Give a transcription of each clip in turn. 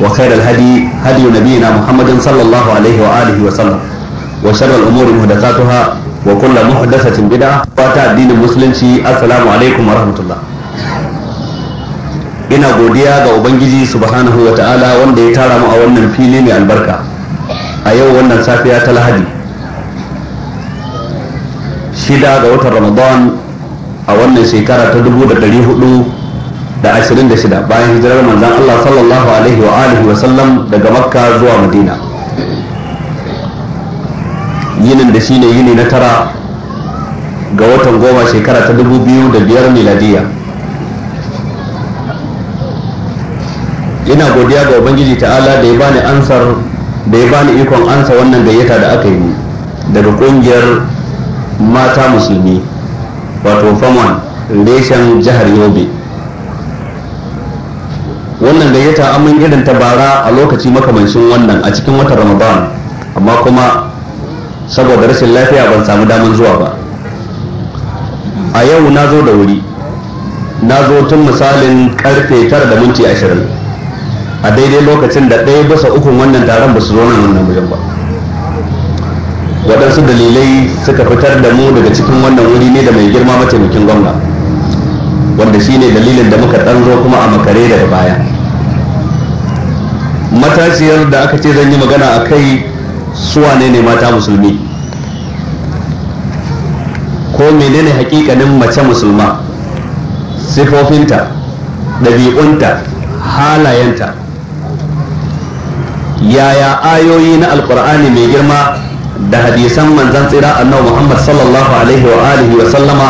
وخير الهدي هدي نبينا محمد صلى الله عليه وآله وسلم وشر الأمور محدثاتها وكل محدثة بدعة فاتا الدين المسلم السلام عليكم ورحمة الله ina godiya ga ubangiji subhanahu wa ta'ala wanda ya tara mu a wannan fili mai albarka a yau wannan safiya ta lahadi shida ga watan ramadan a wannan shekara ta dubu da dari hudu da ashirin da shida bayan hijirar manzan Allah sallallahu alaihi wa alihi wa sallam daga makka zuwa madina yinin da shine yini na tara ga watan goma shekara ta dubu biyu da biyar miladiya ina godiya ga ubangiji ta'ala da ya bani ansar da ya bani ikon ansa wannan gayyata da aka yi daga kungiyar mata musulmi wato famon reshen jihar yobe wannan gayyata an mun irin ta bara a lokaci makamancin wannan a cikin watan ramadan amma kuma saboda rashin lafiya ban samu daman zuwa ba a yau na zo da wuri na zo tun misalin karfe tara da minti ashirin a daidai lokacin da ɗaya bisa ukun wannan taron ba su zo nan wannan wajen ba waɗansu dalilai suka fitar da mu daga cikin wannan wuri ne da mai girma mataimakin gwamna wanda shine dalilin da muka ɗan zo kuma a makare daga baya matashiyar da aka ce zan yi magana a kai suwane ne mata musulmi ko menene hakikanin mace musulma sifofinta ɗabi'unta halayenta yaya ayoyi na alkur'ani mai girma da hadisan manzan tsira annabi muhammad sallallahu alaihi wa alihi wa sallama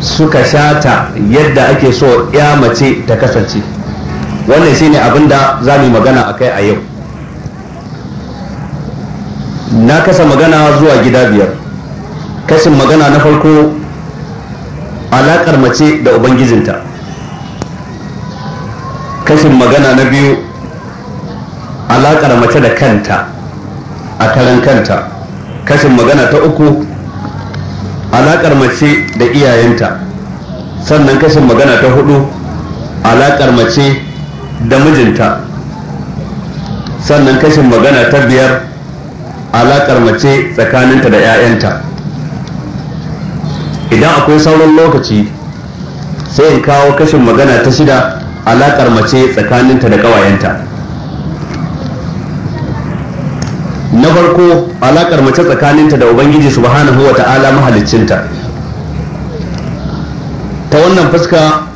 suka shata yadda ake so ya mace ta kasance wannan shine abin da za mu magana a kai a yau na kasa magana zuwa gida biyar kashin magana na farko alaƙar mace da ubangijinta kashin magana na biyu alaƙar mace da kanta a karan kanta kashin magana ta uku alaƙar mace da iyayenta sannan kashin magana ta hudu alaƙar mace da mijinta sannan kashin magana ta biyar alaƙar mace tsakaninta da 'ya'yanta idan akwai sauran lokaci sai in kawo kashin magana ta shida alaƙar mace tsakaninta da ƙawayenta na farko alaƙar mace tsakaninta da ubangiji subhanahu wa ta'ala mahaliccinta ta wannan fuska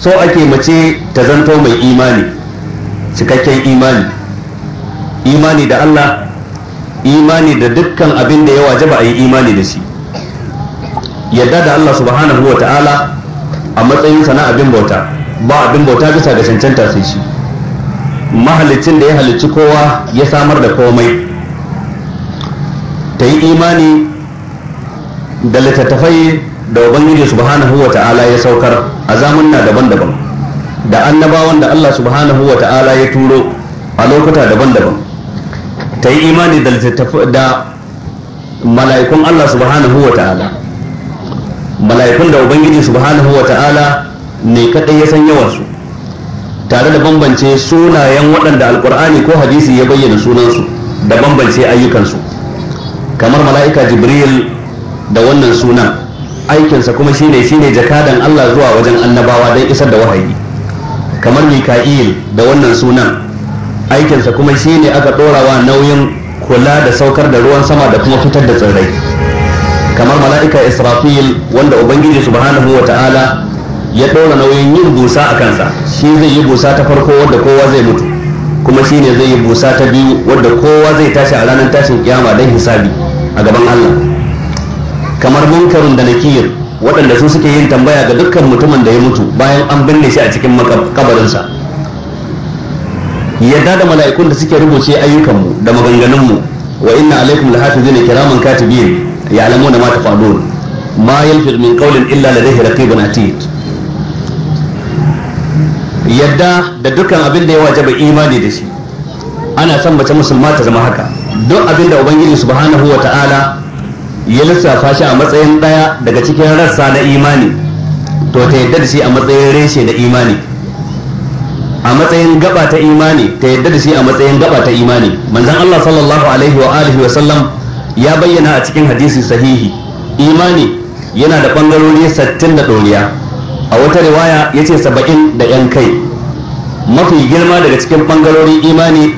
so ake mace ta zanto mai imani cikakken imani imani da Allah imani da dukkan abin da ya wajaba a yi imani da shi yadda da Allah subhanahu wa ta'ala a matsayin sana abin bauta ba abin bauta bisa ga cancanta sai shi mahalicin da ya halicci kowa ya samar da komai ta yi imani da littattafai da ubangiji subhanahu wa ta'ala ya saukar a na daban-daban da annabawan da Allah subhanahu wa ta'ala ya turo a lokuta daban-daban ta yi imani da mala'ikun Allah subhanahu wa ta'ala mala'ikun da ubangiji subhanahu wa ta'ala ne kadai ya san yawansu tare da bambance sunayen waɗanda alkur'ani ko hadisi ya bayyana sunansu da bambance ayyukansu kamar mala'ika jibril da wannan sunan aikinsa kuma shine shine jakadan Allah zuwa wajen annabawa don isar da wahayi kamar mika'il da wannan sunan aikinsa kuma shine aka wa nauyin kula da saukar da ruwan sama da kuma fitar da tsirrai kamar mala'ika israfil wanda ubangiji subhanahu wa ta'ala ya ɗora nauyin yin busa a kansa shi zai yi busa ta farko wadda kowa zai mutu kuma shi ne zai yi busa ta biyu wadda kowa zai tashi a ranar tashin kiyama don hisabi a gaban allah kamar munkarun da nakir waɗanda su suke yin tambaya ga dukkan mutumin da ya mutu bayan an binne shi a cikin kabarinsa yadda da mala'ikun da suke rubuce ayyukanmu da maganganunmu wa inna alaikum lahafizin kiraman katibin da mata tafalun ma yalfid min qawlin illa ladayhi raqibun atid yadda da dukkan abin da ya wajaba imani da shi ana son mace musulma ta zama haka duk abin da ubangiji subhanahu wa ta'ala ya lissafa shi a matsayin daya daga cikin rassa na imani to ta yadda da shi a matsayin reshe da imani a matsayin gaba ta imani ta yadda da shi a matsayin gaba ta imani manzon Allah sallallahu alaihi wa alihi wa ya bayyana a cikin hadisi sahihi imani yana da bangarori 60 da doriya a wata riwaya ya ce saba'in da yan kai mafi girma daga cikin bangarorin imani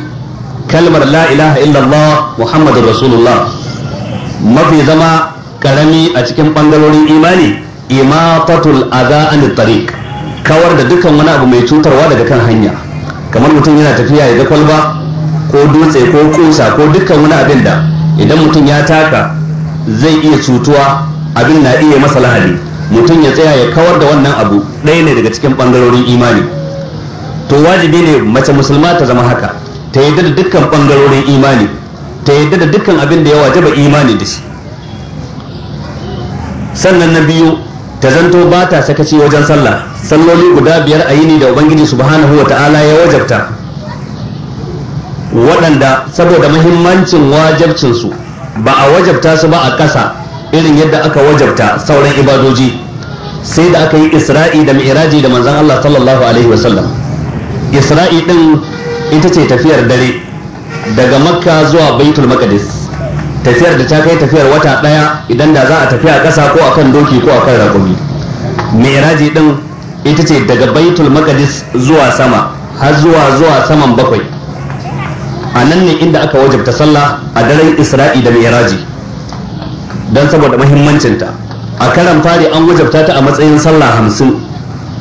kalmar la ilaha illallah muhammadur rasulullah mafi zama karami a cikin bangarorin imani imatatul adha an tariq kawar da dukkan wani abu mai cutarwa daga kan hanya kamar mutum yana tafiya ya ga kwalba ko dutse ko kusa ko dukkan wani abin da idan mutum ya taka zai iya cutuwa abin na iya masa lahani mutum ya tsaya ya kawar da wannan abu ɗaya ne daga cikin ɓangarorin imani to wajibi ne mace musulma ta zama haka ta yadda da dukkan ɓangarorin imani ta yadda da dukkan abin da ya wajaba imani da shi sannan na biyu ta zanto ba ta sakaci wajen sallah salloli guda biyar a yini da ubangiji subhanahu wa ta'ala ya wajabta waɗanda saboda mahimmancin wajabcinsu ba a wajabta su ba a ƙasa irin yadda aka wajabta sauran ibadoji sai da aka yi isra'i da mi'raji da manzan Allah sallallahu alaihi wasallam isra'i ɗin ita ce tafiyar dare daga makka zuwa baitul maqdis tafiyar da ta kai tafiyar wata daya idan da za a tafi a ƙasa ko akan doki ko akan raƙumi mi'raji din ita ce daga baitul maqdis zuwa sama har zuwa zuwa saman bakwai a nan ne inda aka wajabta sallah a daren isra'i da mi'raji don saboda mahimmancinta a karan fari an wajabta ta a matsayin sallah hamsin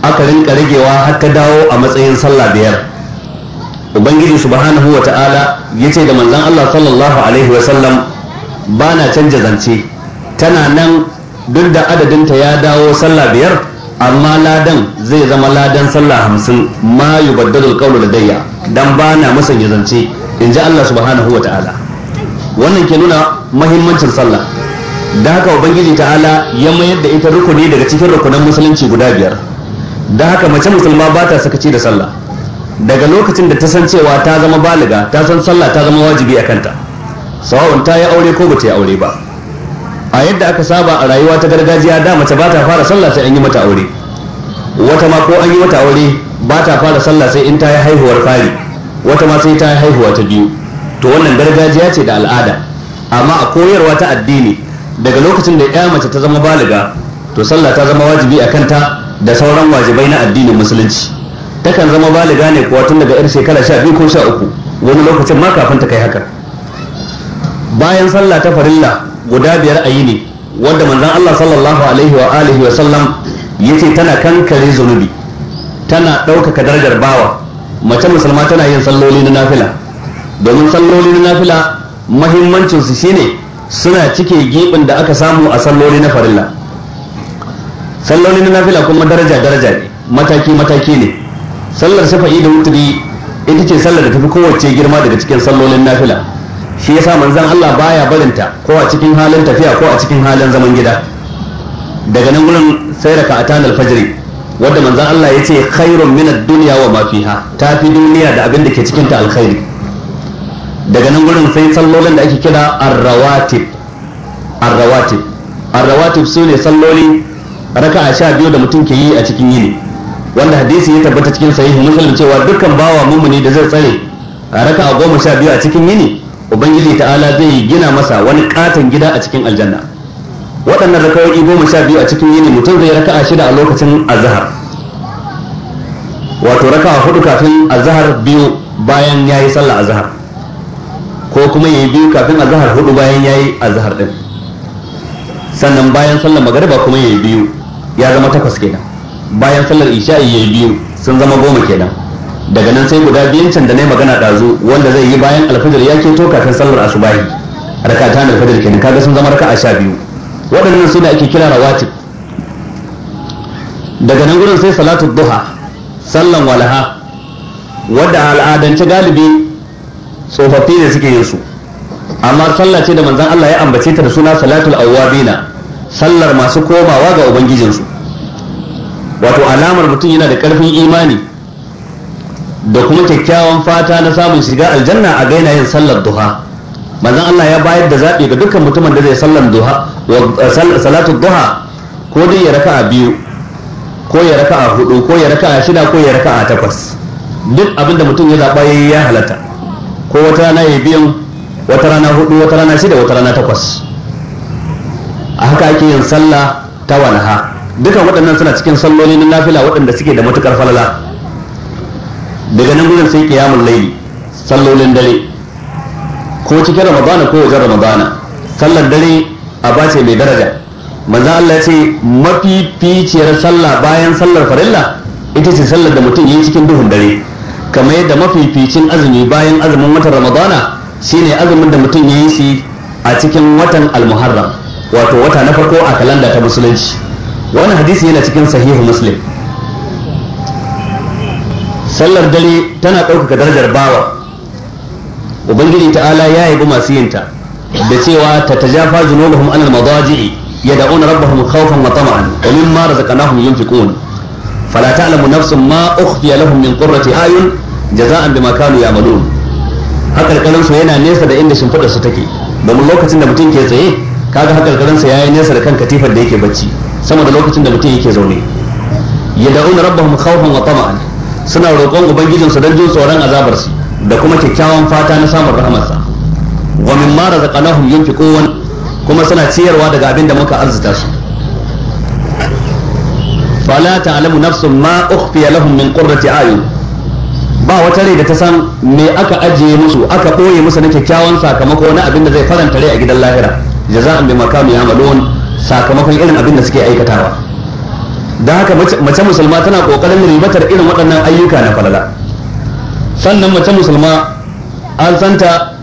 aka rinka ragewa har ta dawo a matsayin sallah biyar ubangiji subhanahu wa ta'ala Ya ce da manzon Allah sallallahu alaihi wasallam ba na canja zance tana nan duk da adadinta ya dawo sallah biyar amma ladan zai zama ladan sallah hamsin ma yubaddalul da ladayya dan ba na musanya zance in ji Allah subhanahu wata'ala wannan ke nuna mahimmancin sallah da haka ubangiji ta'ala ya mayar da ita rukuni daga cikin rukunan musulunci guda biyar da haka mace musulma ba ta sakaci da sallah daga lokacin da ta san cewa ta zama baliga ta san sallah ta zama wajibi a kanta sawa'un ta yi aure ko bata yi aure ba a yadda aka saba a rayuwa ta gargajiya da mace ba ta fara sallah sai an yi mata aure wata ma ko an yi mata aure ba ta fara sallah sai in ta yi haihuwar fari wata ma sai ta yi haihuwa ta biyu to wannan gargajiya ce da al'ada amma a koyarwa ta addini daga lokacin da ya mace ta zama baliga to sallah ta zama wajibi a kanta da sauran wajibai na addinin musulunci takan zama baliga ne kuwa tun daga 'yar shekara sha biyu ko sha uku wani lokacin ma kafin ta kai haka bayan sallah ta farilla guda biyar a yi ne wadda manzon Allah sallallahu alaihi wa alihi wa sallam ya ce tana kankare zunubi tana ɗaukaka darajar bawa mace musulma tana yin salloli na nafila domin salloli na nafila mahimmancin shine suna cike gibin da aka samu a salloli na farilla salloli na nafila kuma daraja daraja ne mataki mataki ne sallar shafa'i da wuturi ita ce sallar da tafi kowace girma daga cikin sallolin nafila shi yasa manzon Allah baya barinta ko a cikin halin tafiya ko a cikin halin zaman gida daga nan gurin sai raka a tanar fajiri wadda manzon Allah ya ce khairun minad dunya wa ha, ta fi duniya da abin da ke cikin ta alkhairi daga nan gurin sai sallolin da ake kira arrawatib arrawatib arrawatib sune salloli raka'a biyu da mutum ke yi a cikin yini wanda hadisi ya tabbata cikin sahih muslim cewa dukkan bawa mumuni da zai tsare a raka goma sha biyu a cikin yini ubangiji ta'ala zai gina masa wani katon gida a cikin aljanna waɗannan rakawoyi goma sha biyu a cikin yini mutum zai raka a shida a lokacin azhar wato a hudu kafin azhar biyu bayan ya yi sallah azhar ko kuma ya yi biyu kafin azhar hudu bayan ya yi azhar din sannan bayan sallah magariba kuma ya yi biyu ya zama takwas kenan bayan sallar isha'i yayi biyu sun zama goma kenan daga nan sai guda biyan can da na magana ɗazu wanda zai yi bayan alfajir ya ke to kafin sallar asubahi raka ta na alfajir kenan kaga sun zama raka a sha biyu waɗannan su ne ake kira rawatib daga nan gurin sai salatu duha sallan walaha wadda al'adance galibi tsofaffi ne suke yin su amma sallah ce da manzon Allah ya ambace ta da suna salatul awwabina sallar masu komawa ga ubangijinsu wato alamar mutum yana da karfin imani da kuma kyakkyawan fata na samun shiga aljanna a gaina yin sallar duha manzon Allah ya bayar da zaɓi ga dukkan mutumin da zai sallar duha wa eh, salatu duha ko dai ya raka'a biyu ko ya raka'a hudu ko ya raka'a shida ko ya raka'a takwas duk abin da mutum ya zaɓa ya ya halatta ko wata rana ya biyan wata rana hudu wata rana shida wata rana takwas a haka ake yin sallah ta ha. dukan waɗannan suna cikin salloli na nafila waɗanda suke da matukar falala daga nan gudun sai kiyamun laili sallolin dare ko cikin ramadana ko wajen ramadana sallar dare a bace mai daraja manzan Allah ya ce mafificiyar sallah bayan sallar farilla ita ce sallar da mutum yi cikin duhun dare kamar yadda ficin azumi bayan azumin watan ramadana shine azumin da mutum ya yi shi a cikin watan almuharram wato wata na farko a kalanda ta musulunci Wani hadisi yana cikin sahihu muslim sallar dare tana ɗaukaka darajar bawa ubangiji ta'ala ya yi masu yinta da cewa ta tajafa zunubuhum anil madaji'i yad'una rabbahum khawfan wa tama'an wa mimma razaqnahum yunfiqun fala ta'lamu nafsun ma ukhfiya lahum min qurrati ayun jaza'an bima kanu ya'malun hakalkalin su yana nesa da inda shimfidar su take domin lokacin da mutum ke tsaye kaga hakalkalin ya yayi nesa da kan katifar da yake bacci sama da lokacin da mutum yake zaune ya yad'una rabbahum khawfan wa tama'an suna roƙon ubangijinsu don jin tsoron azabar su da kuma kyakkyawan fata na samun rahamarsa wa mimma razaqnahum yunfiqun kuma suna ciyarwa daga abin da muka arzuta su fala ta'lamu nafsun ma ukhfiya lahum min qurrati ayun ba wata rai da ta san me aka ajiye musu aka ɓoye musu na kyakkyawan sakamako na abin da zai faranta rai a gidan lahira jaza'an bima kanu ya'malun sakamakon irin abin da suke aikatawa don haka mace musulma tana kokarin ribatar irin waɗannan ayyuka na falala sannan mace musulma an santa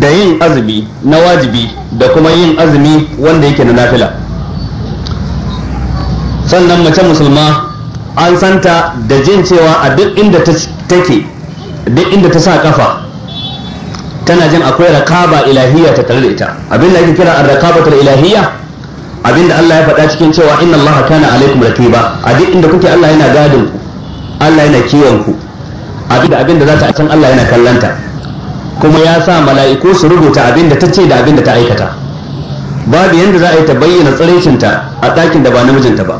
da yin azumi na wajibi da kuma yin azumi wanda yake na nafila sannan mace musulma an santa da jin cewa a duk inda ta take duk inda ta sa kafa tana jin akwai rakaba ilahiyya ta tare da ita abin da ake kira ar-rakabatul ilahiyya abinda Allah ya faɗa cikin cewa inna Allah kana alaikum raqiba a duk inda kuke Allah yana gadin Allah yana kiwon ku abinda abinda za ta san Allah yana kallanta kuma ya sa mala'iku su rubuta abinda ta ce da abinda ta aikata babu yanda za a yi ta bayyana tsiraicinta a ɗakin da ba namijinta ba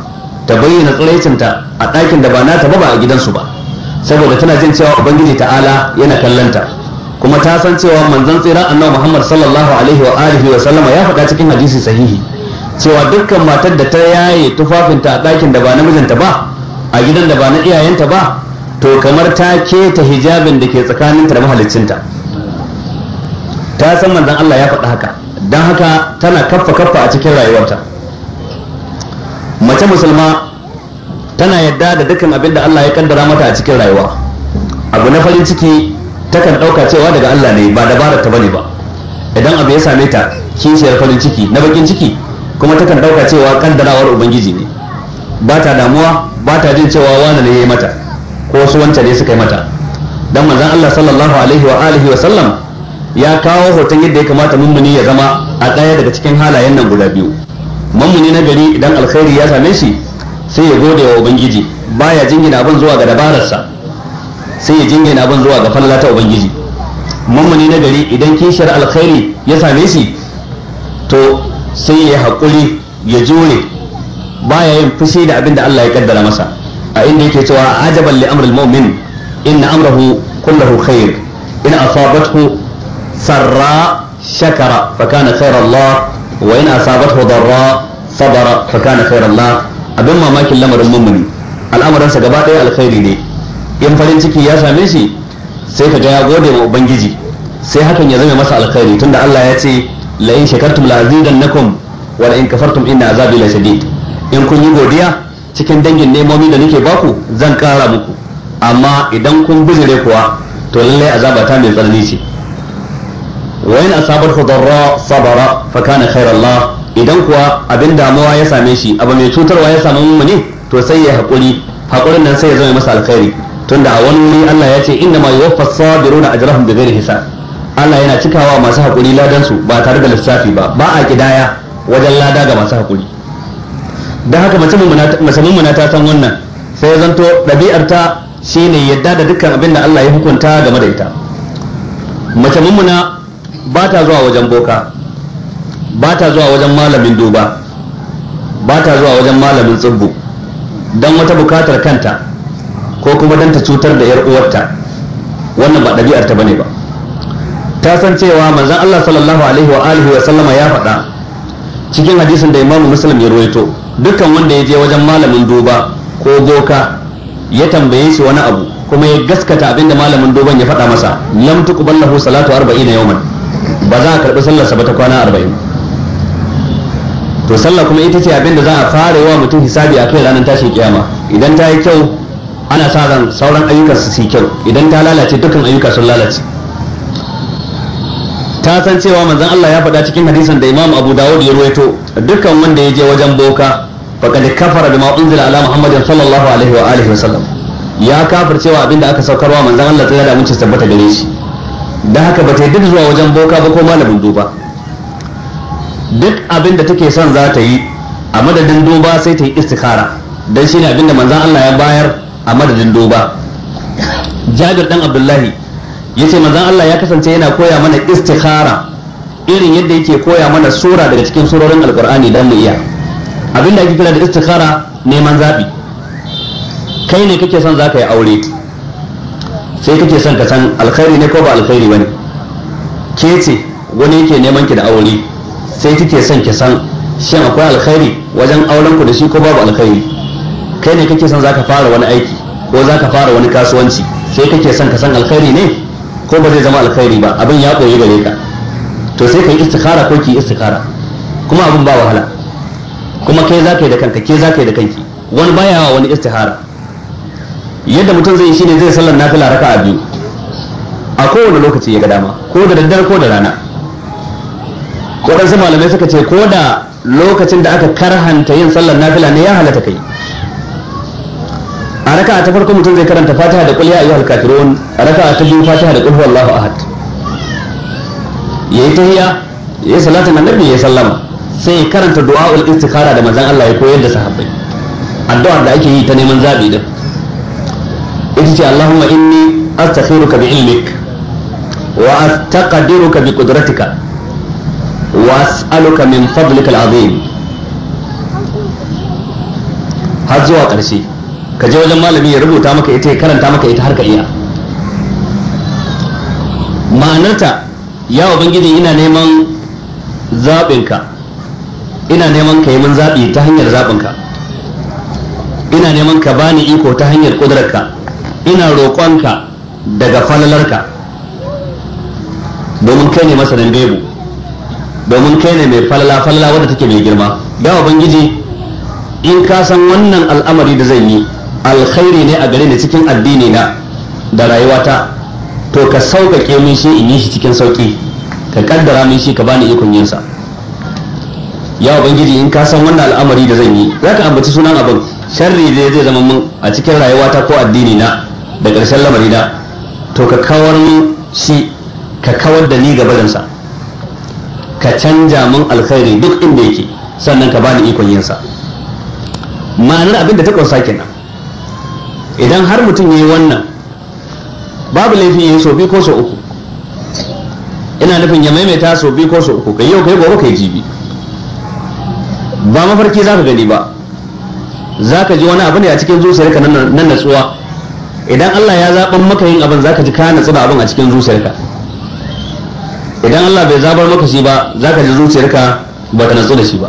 ta bayyana tsiraicinta a ɗakin da ba nata ba ba a gidansu ba saboda tana jin cewa ubangiji ta'ala yana kallanta kuma ta san cewa manzon tsira annabi Muhammad sallallahu alaihi wa alihi wa sallama ya faɗa cikin hadisi sahihi cewa dukkan matar da ta yaye tufafinta a ɗakin da ba na mijinta ba a gidan da ba na iyayenta ba to kamar ta keta hijabin da ke tsakaninta da mahaliccinta ta san manzon Allah ya faɗi haka don haka tana kaffa kaffa a cikin rayuwarta mace musulma tana yadda da dukkan abin da Allah ya kaddara mata a cikin rayuwa abu na farin ciki takan ɗauka cewa daga Allah ne ba dabarar ta bane ba idan abu ya same ta kishiyar farin ciki na bakin ciki kuma takan dauka cewa kan kaddarawar ubangiji ne ba ta damuwa ba ta jin cewa wani ne ya yi mata ko wasu wancan ne suka yi mata dan manzon Allah sallallahu alaihi wa alihi wa sallam ya kawo hoton yadda ya kamata mummuni ya zama a ɗaya daga cikin halayen nan guda biyu mummuni na gari idan alkhairi ya same shi sai ya gode wa ubangiji baya jingina abin zuwa ga dabararsa sai ya jingina abin zuwa ga fallata ubangiji mummuni na gari idan kishiyar alkhairi ya same shi to sai ya haƙuri ya jure baya yin fushi da abin da Allah ya kaddara masa a inda yake cewa ajaban li amril mu'min inna amrahu kulluhu khair in asabathu sarra shakara fa kana khairan Allah wa in asabathu darra sabara fa kana khairan Allah abin mamakin lamarin mu'mini al'amuransa gaba ɗaya alkhairi ne in farin ciki ya same shi sai ka ga ya gode wa ubangiji sai hakan ya zama masa alkhairi tunda Allah ya ce La'in shakartum la nakum wa la in kafartum inna azabi la shadid in kun yi godiya cikin dangin nemomi da nake baku zan kara muku amma idan kun bijire kuwa to lallai azaba ta mai tsanani ce wa in asabat khadara sabara fa kana la idan kuwa abin damuwa ya same shi abu mai cutarwa ya samu mummuni to sai ya haƙuri haƙurin nan sai ya zama masa alkhairi tunda a wani wuri Allah ya ce inna ma yuwaffa sabiruna ajrahum bighairi hisab Allah yana cikawa masu haƙuri ladansu ba tare da lissafi ba ba a kidaya wajen lada ga masu haƙuri don haka musamman muna ta san wannan sai zanto ɗabi'ar ta ne yadda da dukkan abin da Allah ya hukunta game da ita mace muna ba ta zuwa wajen boka ba ta zuwa wajen malamin duba ba ta zuwa wajen malamin tsibbu don wata bukatar kanta ko kuma don ta cutar da 'yar uwarta wannan ba ɗabi'ar ta bane ba ta san cewa manzon Allah sallallahu alaihi wa alihi wa sallama ya faɗa cikin hadisin da Imam Muslim ya ruwaito dukkan wanda ya je wajen malamin duba ko boka ya tambaye shi wani abu kuma ya gaskata abinda malamin duban ya faɗa masa lam tuqballahu salatu 40 yawman ba za a karɓi sa ba ta kwana 40 to sallah kuma ita ce abinda za a fara yawa mutum hisabi a kai ranar tashin kiyama idan ta yi kyau ana sa ran sauran ayyukan su su kyau idan ta lalace dukkan ayyuka sun lalace ta san cewa manzon Allah ya faɗa cikin hadisan da Imam Abu Dawud ya ruwaito dukkan wanda ya je wajen boka faqad kafara bima unzila ala Muhammadin sallallahu alaihi wa alihi wasallam ya cewa abinda aka saukarwa manzon Allah tsira da mutunta tabbata gare shi dan haka ba ta duk zuwa wajen boka ba ko malamin duba duk abinda take son za ta yi a madadin duba sai ta yi istikhara dan shine abinda manzon Allah ya bayar a madadin duba Jabir dan Abdullahi yace manzon Allah ya kasance yana koya mana istikhara irin yadda yake koya mana sura daga cikin surorin alqur'ani dan mu iya abinda ake kira da istikhara neman zabi kai ne kake son zaka yi aure sai kake son ka san alkhairi ne ko ba alkhairi bane ke ce wani yake neman ki da aure sai kike son ki san shin akwai alkhairi wajen auren ku da shi ko babu alkhairi kai ne kake son zaka fara wani aiki ko zaka fara wani kasuwanci sai kake son ka san alkhairi ne ko ba zai zama alkhairi ba abin ya koyi gare ka to sai ka yi istikhara ko ki istikhara kuma abin ba wahala kuma kai za ka yi da kanka ke za ka yi da kanki wani baya wa wani istihara yadda mutum zai yi shine zai sallar nafila a biyu a kowane lokaci ya ga dama ko da daddare ko da rana sai malamai suka ce ko da lokacin da aka karhanta yin sallar nafila ne ya halatta kai a raka'a ta farko mutum zai karanta fatiha da qul ya ayyuhal kafirun a raka'a ta biyu fatiha da qul huwallahu ahad yayi tahiyya yayi na annabi ya sallama sai ya karanta du'aul istikhara da manzon Allah ya koyar da sahabbai addu'ar da ake yi ta neman zabi din ita ce Allahumma inni astakhiruka bi ilmik wa astaqdiruka bi qudratika wa as'aluka min fadlika al'azim har zuwa ƙarshe ka je wajen malami ya rubuta maka ita ya karanta maka ita har ka iya ma'anarta ya ubangiji ina neman zaɓinka ina neman ka yi min zaɓi ta hanyar zaɓinka ina neman ka bani iko ta hanyar ƙudurarka ina roƙonka daga falalarka domin kai ne masanin bebu domin kai ne mai falala falala wadda take mai girma ya ubangiji in ka san wannan al'amari da zan yi alkhairi ne a gare ni cikin addini na da rayuwata to ka sauƙaƙe min shi in yi shi cikin sauƙi ka kaddara min shi ka bani ikon yinsa ya ubangiji in ka san wannan al'amari da zan yi za ka ambaci sunan abin sharri zai zai zama min a cikin rayuwata ko addini na da ƙarshen lamari na to ka kawar min shi ka kawar da ni sa ka canja min alkhairi duk inda yake sannan ka bani ikon yinsa ma'anar abin da ta ƙunsa kenan idan har mutum ya yi wannan babu laifin ya yi sau biyu ko so uku ina nufin ya maimaita sau biyu ko so uku kai yau kai gobe kai jibi ba mafarki za ka gani ba za ka ji wani abu ne a cikin zuciyarka nan natsuwa idan Allah ya zaɓa maka yin abin za ka ji kana natsu abin a cikin zuciyarka idan Allah bai zabar maka shi ba za ka ji zuciyarka ba ta natsu da shi ba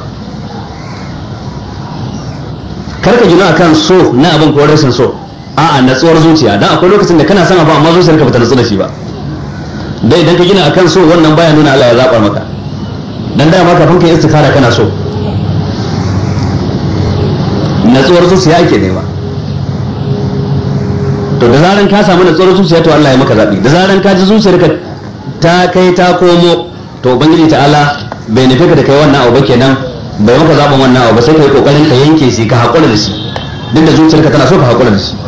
karka gina akan so na abin ko rashin so a'a natsuwar zuciya dan akwai lokacin da kana son abu amma zuciyarka bata natsu da shi ba dan idan ka gina akan so wannan baya nuna Allah ya zaba maka dan da ma kafin ka yi istikara kana so natsuwar zuciya ake nema to da zaran ka samu natsuwar zuciya to Allah ya maka zabi da zaran ka ji zuciyarka ta kai ta komo to ubangiji ta'ala bai nufi ka da kai wannan abu ba kenan bai maka zaɓin wannan abu ba sai ka yi kokarin ka yanke shi ka haƙura da shi duk da zuciyarka tana so ka haƙura da shi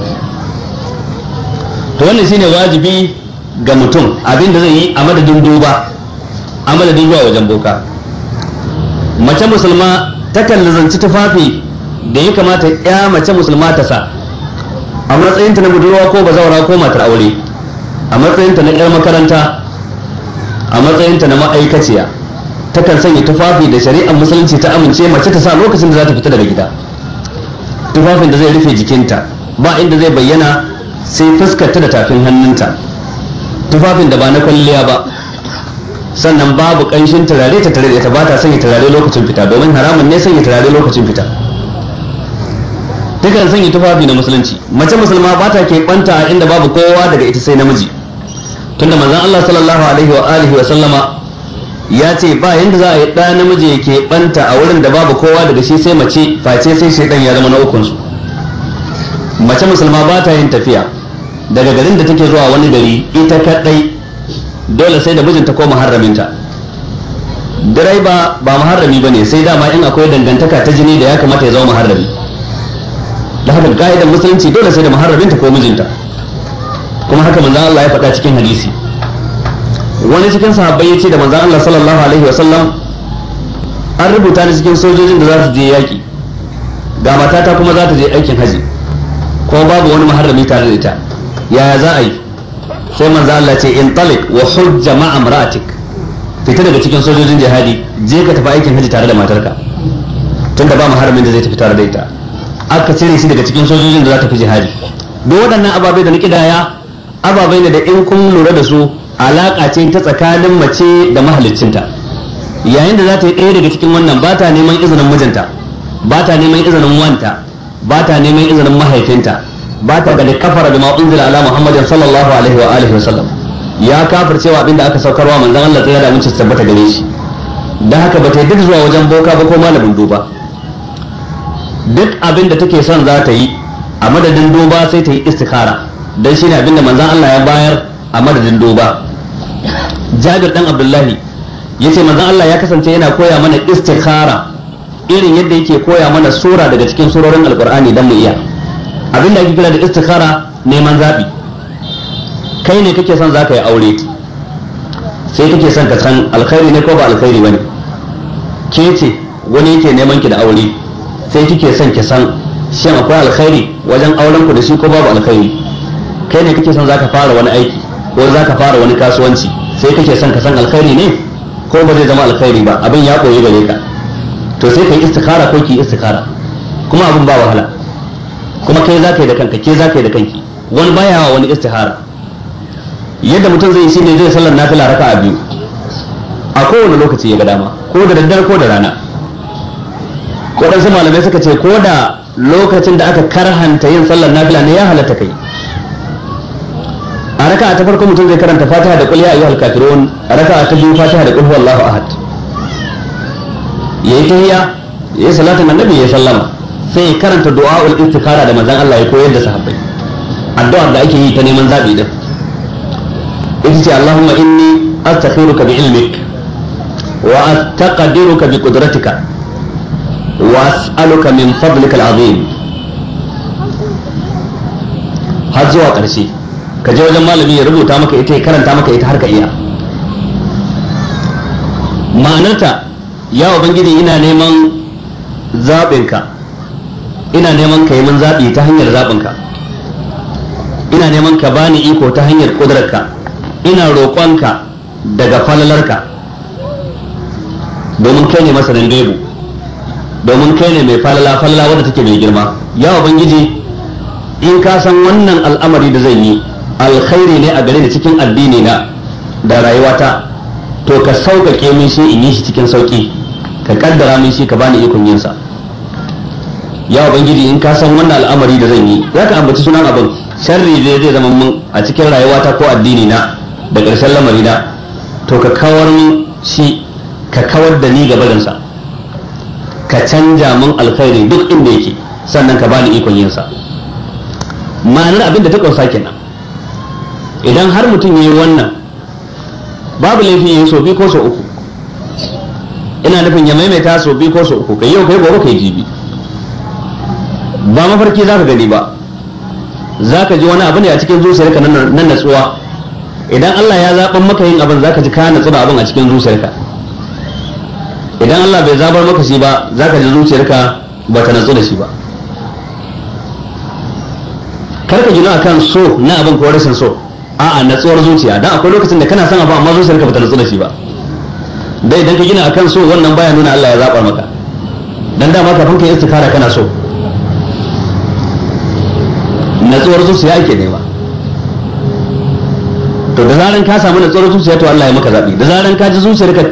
to wannan shine wajibi ga mutum abin da zai yi a madadin duba a madadin zuwa wajen boka mace musulma takan zanci tufafi da ya kamata ya mace musulma ta sa a matsayinta na budurwa ko bazawara ko matar aure a matsayinta na yar makaranta a matsayinta na ma'aikaciya ta kan sanya tufafi da shari'ar musulunci ta amince mace ta sa lokacin da za ta fita daga gida tufafin da zai rufe jikinta ba inda zai bayyana sai fuskarta da tafin hannunta tufafin da ba na kwalliya ba sannan babu ƙanshin turare ta tare da ita ba ta sanya turare lokacin fita domin haramun ne sanya turare lokacin fita dukkan sanya tufafi na musulunci mace musulma ba ta ke kwanta inda babu kowa daga ita sai namiji tunda manzon Allah sallallahu alaihi wa alihi wa sallama ya ce ba yanda za a yi ɗa namiji ya ke kwanta a wurin da babu kowa daga shi sai mace face sai shaidan ya zama na ukunsu mace musulma ba ta yin tafiya daga garin da take zuwa wani gari ita kadai dole sai da mijinta ko muharraminta direba ba muharrami bane sai dama in akwai dangantaka ta jini da ya kamata ya zama muharrami da haka ka'idar musulunci dole sai da muharraminta ko mijinta kuma haka manzo Allah ya faɗa cikin hadisi wani cikin sahabbai ya ce da manzo Allah sallallahu alaihi wa sallam? an rubuta ni cikin sojojin da za su je yaki ga matata kuma za ta je aikin haji kuma babu wani maharami tare da ita yaya za a yi sai manzo Allah ce in talik wa hujja ma'a imra'atik fita daga cikin sojojin jihadi je ka tafi aikin haji tare da matarka tun da ba maharamin da zai tafi tare da ita aka cire shi daga cikin sojojin da za ta fi jihadi duk waɗannan ababai da na kidaya ababai ne da in kun lura da su alaƙa ce ta tsakanin mace da mahaliccinta yayin da za ta yi ɗaya daga cikin wannan ba ta neman izinin mijinta ba ta neman izinin wanta ba ta neman izinin mahaifinta ba ta gani kafara da unzila ala muhammadin sallallahu alaihi wa alihi wasallam ya kafir cewa abin da aka saukarwa manzon Allah tsaya da mun tabbata gare shi da haka ba ta yi duk zuwa wajen boka ba ko malamin duba duk abin da take son za ta yi a madadin duba sai ta yi istikhara dan shine abin da manzon Allah ya bayar a madadin duba Jabir dan Abdullahi ya ce manzon Allah ya kasance yana koya mana istikhara irin yadda yake koya mana sura daga cikin surorin alkur'ani dan mu iya abinda ake kira da istikhara neman zabi kai ne kake son zaka yi aure sai kake son ka san alkhairi ne ko ba alkhairi bane ke ce wani yake neman ki da aure sai kike son ki san shin akwai alkhairi wajen auren ku da shi ko babu alkhairi kai ne kake son zaka fara wani aiki ko zaka fara wani kasuwanci sai kake son ka san alkhairi ne ko ba zai zama alkhairi ba abin ya koyi gare ka to sai ka yi istikhara ko ki istikhara kuma abin ba wahala kuma kai za ka yi da kanka ke za ka yi da kanki wani baya wa wani istikhara yadda mutum zai yi ne zai sallar nafila a biyu a kowane lokaci ya ga dama ko da daddare ko da rana waɗansu malamai suka ce ko da lokacin da aka karhanta yin sallar nafila ne ya halatta kai a raka ta farko mutum zai karanta fatiha da kulli ya ayyuhal kafirun a ta biyu fatiha da kulli huwallahu ahad ya yi tahiya ya yi salatin annabi ya sallama sai ya karanta du'a'ul istikara da manzon Allah ya koyar da sahabbai addu'ar da ake yi ta neman zabi din ita ce Allahumma inni astakhiruka bi ilmik wa astaqdiruka bi qudratika wa as'aluka min fadlika al'azim har zuwa ƙarshe ka je wajen malami ya rubuta maka ita ya karanta maka ita har ka iya ma'anarta ya ubangiji ina neman zaɓinka ina neman ka yi min zaɓi ta hanyar zaɓinka ina neman ka bani iko ta hanyar ƙudurarka ina roƙonka daga falalarka domin kai ne masanin gaibu domin kai ne mai falala falala wadda take mai girma ya ubangiji in ka san wannan al'amari da zan yi alkhairi ne a gare ni cikin addini na da rayuwata to ka sauƙaƙe min shi in yi shi cikin sauƙi ka kaddara min shi ka bani ikon yin sa ya ubangiji in ka san wannan al'amari da zan yi za ka ambaci sunan abin sharri da zai zama mun a cikin rayuwata ko addini na da ƙarshen lamari na to ka kawar min shi ka kawar da ni gabarinsa ka canja min alkhairi duk inda yake sannan ka bani ikon yin sa ma'anar abin da ta kausa kenan idan har mutum ya yi wannan babu laifi ya yi so biyu ko so uku ina nufin ya maimaita so biyu ko so uku kai yau kai gobe kai jibi ba mafarki za ka gani ba za ka ji wani abu ne a cikin zuciyarka nan natsuwa idan Allah ya zaɓan maka yin abin za ka ji ka natsu da abin a cikin zuciyarka idan Allah bai zabar maka shi ba za ka ji zuciyarka ba ta natsu da shi ba karka gina a kan so na abin ko rashin so a'a natsuwar zuciya dan akwai lokacin da kana son abu amma zuciyarka ba ta natsu da shi ba dai idan ka gina akan so wannan baya nuna Allah ya zaba maka dan dama kafin ka yi istikara kana so natsuwar zuciya ake nema to da zaran ka samu natsuwar zuciya to Allah ya maka zabi da zaran ka ji zuciyarka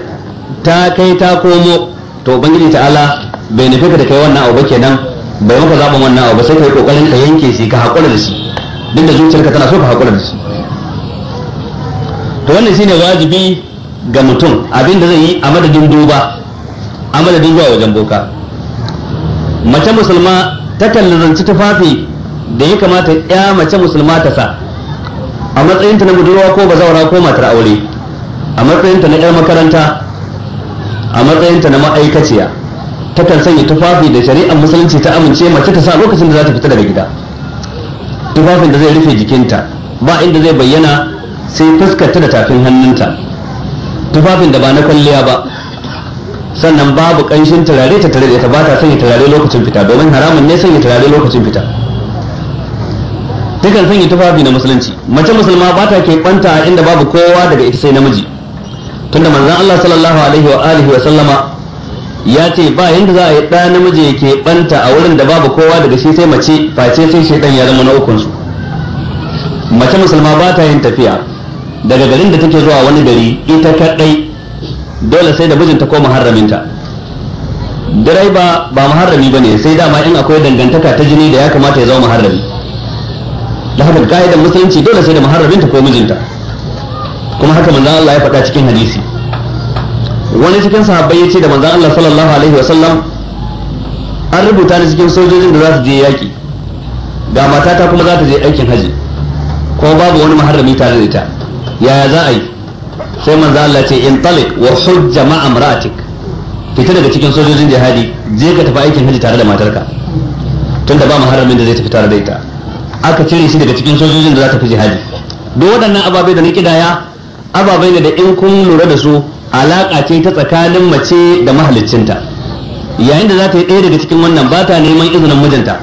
ta kai ta komo to ubangiji ta'ala bai nufi ka da kai wannan abu kenan bai maka zaben wannan abu sai kai kokarin ka yanke shi ka hakura da shi duk da zuciyarka tana so ka hakura da shi to wannan shine wajibi ga mutum abin da zai yi a madadin duba a madadin zuwa wajen boka mace musulma ta zanci tufafi da ya kamata ya mace musulma ta sa a matsayinta na budurwa ko ba zaura ko matar aure a matsayinta na 'yar makaranta a matsayinta na ma'aikaciya ta kan sanya tufafi da shari'ar musulunci ta amince mace ta sa lokacin da za ta fita daga gida tufafin da zai rufe jikinta ba inda zai bayyana sai fuskarta da tafin hannunta tufafin da ba na kwalliya ba sannan babu kanshin turare ta tare da ita ba ta sanya turare lokacin fita domin haramun ne sanya turare lokacin fita dukan sanya tufafi na musulunci mace musulma ba ta ke kwanta inda babu kowa daga ita sai namiji tunda manzon Allah sallallahu alaihi wa alihi wa sallama ya ce ba yanda za a yi ɗan namiji ya ke banta a wurin da babu kowa daga shi sai mace face sai shaitan ya zama na ukunsu mace musulma ba ta yin tafiya daga garin da take zuwa wani gari ita kadai dole sai da mijinta ko muharraminta direba ba muharrami bane sai dama in akwai dangantaka ta jini da ya kamata ya zama muharrami da haka ka'idar musulunci dole sai da muharraminta ko mijinta kuma haka manzon Allah ya faɗa cikin hadisi wani cikin sahabbai ya ce da manzon Allah sallallahu alaihi wa sallam an rubuta ni cikin sojojin da za su je yaƙi ga matata kuma za ta je aikin haji ko babu wani muharrami tare da ita ya za a yi sai manzo Allah ce in talik wa hujja ma amratik fita daga cikin sojojin jihadi je ka tafi aikin haji tare da matarka tunda ba muharramin da zai tafi tare da ita aka cire shi daga cikin sojojin da za ta fi jihadi duk waɗannan ababai da na kidaya ababai ne da in kun lura da su alaka ce ta tsakanin mace da mahaliccinta yayin da za ta yi ɗaya daga cikin wannan ba ta neman izinin mijinta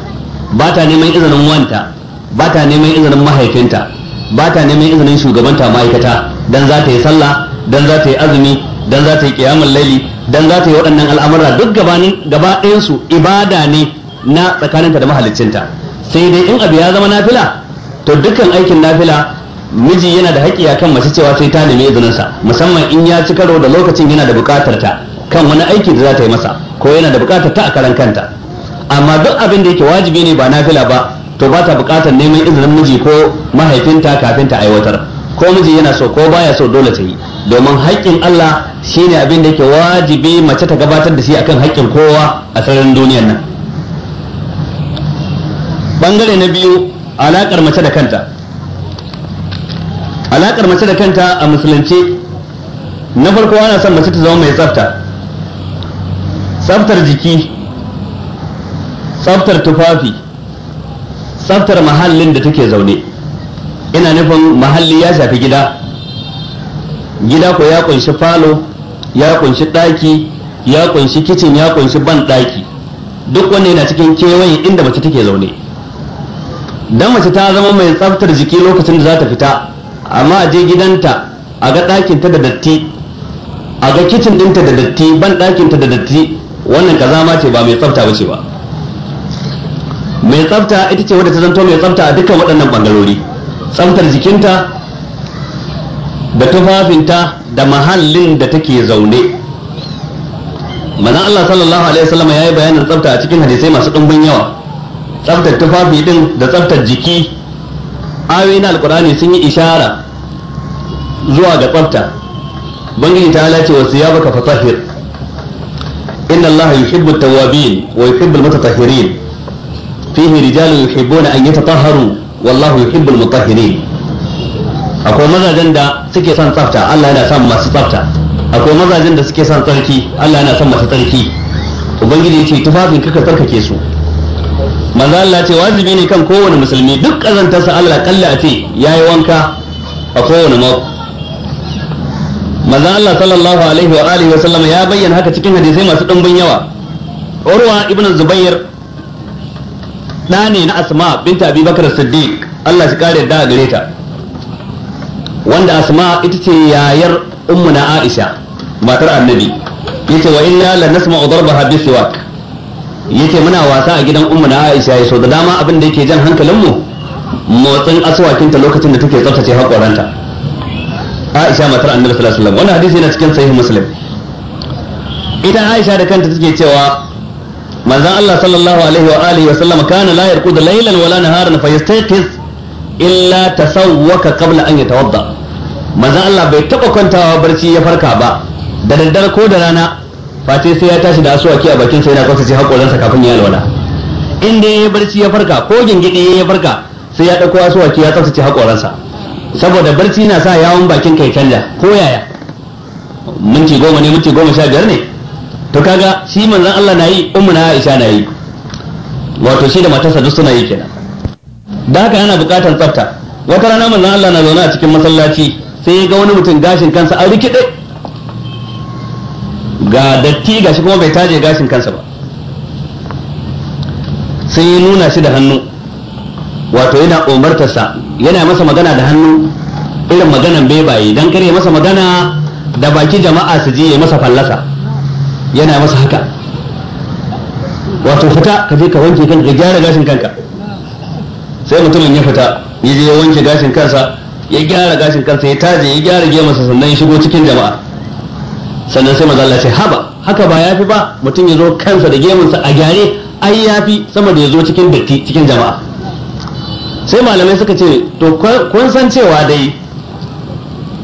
ba ta neman izinin wanta ba ta neman izinin mahaifinta ba ta neman izinin shugabanta ma'aikata dan za ta yi sallah dan za ta yi azumi dan za ta yi kiyamul laili dan za ta yi waɗannan al'amura duk gabanin gaba ɗayan su ibada ne na tsakaninta da mahaliccinta sai dai in abu ya zama nafila to dukkan aikin nafila miji yana da haƙƙi akan mace cewa sai ta nemi sa, musamman in ya ci karo da lokacin yana da buƙatar ta kan wani aiki da za ta yi masa ko yana da buƙatar ta a karan kanta amma duk abin da yake wajibi ne ba nafila ba to ba ta buƙatar neman izinin miji ko mahaifinta kafin ta aiwatar ko miji yana so ko baya so dole ta yi domin haƙƙin Allah shine abin da yake wajibi mace ta gabatar da shi akan haƙƙin kowa a sararin duniyar nan bangare na biyu alakar mace da kanta alaƙar mace da kanta a musulunci na farko ana son mace ta zama mai tsafta tsaftar jiki tsaftar tufafi tsaftar mahallin da take zaune ina nufin mahalli ya shafi gida gida ko ya kunshi falo ya kunshi ɗaki ya kunshi kicin ya kunshi ban daki duk wanne yana cikin kewaye inda mace take zaune dan mace ta zama mai tsaftar jiki lokacin da za ta fita amma a je gidanta a ga ta da datti a ga kicin ɗinta da datti ban ta da datti wannan kazama ce ba mai tsafta ba ce ba mai tsafta ita ce wadda ta zanto mai tsafta a dukkan waɗannan bangarori tsaftar jikinta da tufafinta da mahallin da take zaune manzon Allah sallallahu alaihi wasallam yayi bayanin tsafta a cikin hadisai masu ɗumbin yawa tsaftar tufafi din da tsaftar jiki ayoyin alkurani sun yi ishara zuwa ga tsafta bangiji ta halace wasu ya baka fatahir inna Allah yuhibbu tawwabin wa yuhibbu al-mutatahhirin fihi rijalun yuhibbuna an yatatahharu wallahu yuhibbul mutahhirin akwai mazajen da suke son tsafta Allah yana son masu tsafta akwai mazajen da suke son tsarki Allah yana son masu tsarki ubangiji ce tufafin kaka tsarkake su manzo Allah ce wajibi ne kan kowane musulmi duk kazantarsa Allah kalla a ce yayi wanka a kowane mako manzo sallallahu alaihi wa alihi wa sallam ya bayyana haka cikin hadisai masu dimbin yawa Urwa ibn Zubair da ne na asma binta abi bakar siddiq Allah shi kare da gare ta wanda asma ita ce yayar ummu na aisha matar annabi yace wa inna la nasma'u darbaha bi siwak yace muna wasa a gidan ummu na aisha yaso da dama abin da yake jan hankalinmu motsin ta lokacin da take tsaftace hakoranta aisha matar annabi sallallahu alaihi wasallam wannan hadisi yana cikin sahih muslim ita aisha da kanta take cewa manzan Allah sallallahu alaihi wa alihi wa sallam kana la da laylan wala naharan fa yastaqiz illa tasawwaka qabla an yatawadda manzan Allah bai taba kwantawa barci ya farka ba da daddare ko da rana Fati sai ya tashi da asuwaki a bakin sai yana kwatace hakoransa kafin ya alwala in dai ya barci ya farka ko gingide ya farka sai ya dauko asuwaki ya tsaftace haƙoransa. saboda barci na sa yawon bakin kai canja ko yaya minti goma ne minti goma sha biyar ne to kaga shi manzon Allah na yi ummu na Aisha na yi wato shi da matarsa duk suna yi kenan da haka ana bukatar tsafta wata rana manzon Allah na zaune a cikin masallaci sai ya ga wani mutum gashin kansa a rikide ga datti gashi kuma bai taje gashin kansa ba sai ya nuna shi da hannu wato yana umartarsa yana masa magana da hannu irin maganan bebaye dan kare masa magana da baki jama'a su je masa fallasa yana masa haka wato fita ka je ka wanke kanka ka gyara gashin kanka sai mutumin ya fita ya je ya wanke gashin kansa ya gyara gashin kansa ya taje ya gyara gemarsa sannan ya shigo cikin jama'a sannan sai maza Allah ce haba haka ba yafi ba mutum ya zo kansa da sa a gyare ai yafi sama da ya zo cikin datti cikin jama'a sai malamai suka ce to kun san cewa dai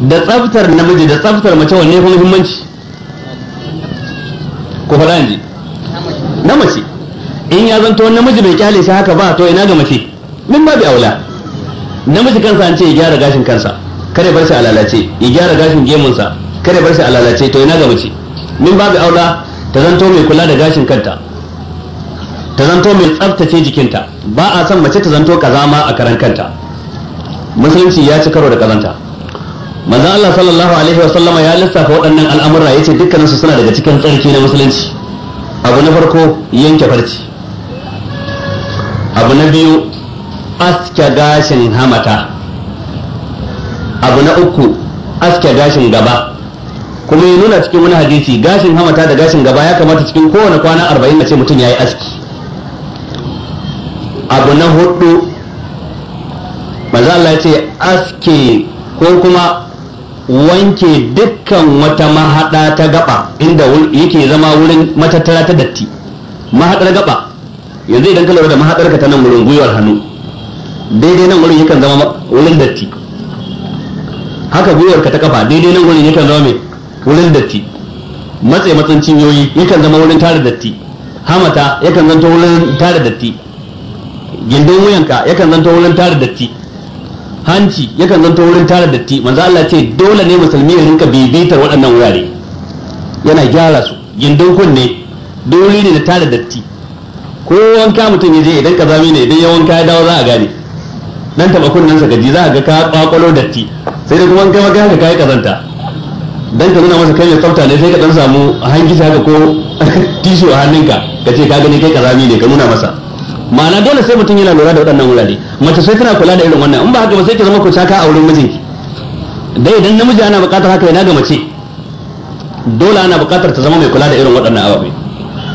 da tsaftar namiji da tsaftar mace wanne fa muhimmanci ko fara ji na mace in ya zanto namiji bai kyale shi haka ba to ina ga mace min ba bi aula namiji kansa an ce ya gyara gashin kansa kare bar shi alalace ya gyara gashin gemunsa kare bar shi alalace to ina ga mace min ba bi aula ta zanto mai kula da gashin kanta ta zanto mai tsaftace jikinta ba a san mace ta zanto kazama a karan kanta musulunci ya ci karo da kazanta manzo Allah sallallahu alaihi wa sallama ya lissafa waɗannan al'amura yace dukkanin su suna daga cikin tsarki na musulunci abu na farko yanke farci abu na biyu aske gashin hamata abu na uku aske gashin gaba kuma ya nuna cikin wani hadisi gashin hamata da gashin gaba ya kamata cikin kowane kwana arba'in na ce mutum ya yi aski abu na hudu maza Allah ya ce aske ko kuma wanke dukkan wata mahaɗa ta gaba inda yake zama wurin matattara ta datti mahaɗar gaba yanzu idan ka lura da mahaɗar ka ta nan wurin gwiwar hannu daidai nan wurin yakan zama wurin datti haka gwiwar ka ta kafa daidai nan wurin yakan zama mai wurin datti matse matsin cinyoyi yakan zama wurin tara datti hamata yakan zanto wurin tara datti gindin wuyanka yakan zanto wurin tara datti hanci yakan zanto wurin tara datti manzo Allah ce dole ne musulmi ya rinka bibitar waɗannan wurare yana gyara su gindin kunne dole ne da tara datti ko wanka mutum ya je idan ka zame ne idan ya wanka ya dawo za a gane dan taba kunnen sa gaji za a ga ka kwakwalo datti sai da kuma kai maka haka kai kazanta dan ka nuna masa kai mai tsafta ne sai ka dan samu hankisa haka ko tishu a hannunka ka ce ka gani kai kazami ne ka nuna masa ma'ana dole sai mutum yana lura da waɗannan wurare mace sai tana kula da irin wannan in ba haka ba sai ki zama ku caka a wurin mijinki dai idan namiji ana buƙatar haka yana ga mace dole ana buƙatar ta zama mai kula da irin waɗannan ababe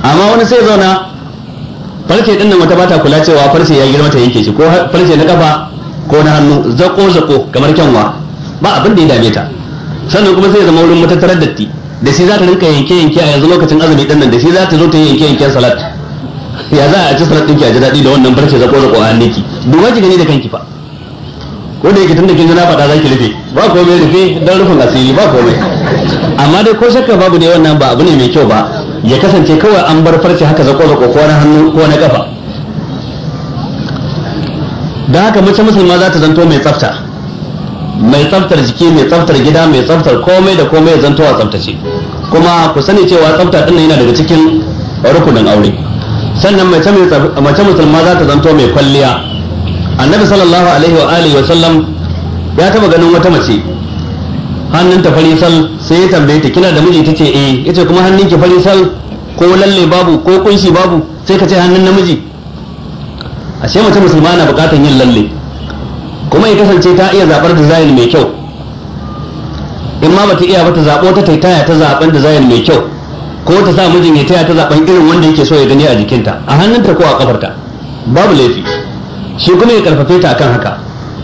amma wani sai zauna farce ɗin nan wata bata kula cewa farce ya girma ta yanke shi ko farce na kafa ko na hannu zako zako kamar kyanwa ba abin da ya dame ta sannan kuma sai ya zama wurin matattarar datti da shi za ta rinka yanke yanke a yanzu lokacin azumi ɗin nan da shi za ta zo ta yanke yanke salat ya za a ci sanar ɗinki a ji daɗi da wannan barci zako zako a hannunki duba ki gani da kanki fa ko da yake da kin na faɗa zaki rufe ba ko mai rufe dan rufin asiri ba ko mai amma dai ko shakka babu ne wannan ba abu ne mai kyau ba ya kasance kawai an bar farce haka zako zako ko na hannu ko na kafa da haka mace musulma za ta zanto mai tsafta mai tsaftar jiki mai tsaftar gida mai tsaftar komai da komai ya zanto a tsaftace kuma ku sani cewa tsafta din yana daga cikin rukunin aure sannan mace musulma za ta zanto mai kwalliya annabi sallallahu alaihi wa alihi wa sallam ya taba ganin wata mace hannun ta fari sai ya tambaye ta kina da miji tace eh yace kuma hannun ki fari sal ko lalle babu ko kunshi babu sai ka ce hannun namiji ashe mace musulma na bukatan yin lalle kuma ya kasance ta iya zabar design mai kyau in ma bata iya ba ta zabo ta taitaya ta zaben design mai kyau ko ta sa mijin ya taya ta zaben irin wanda yake so ya gani a jikinta a hannunta ko a kafarta babu laifi shi kuma ya karfafe ta akan haka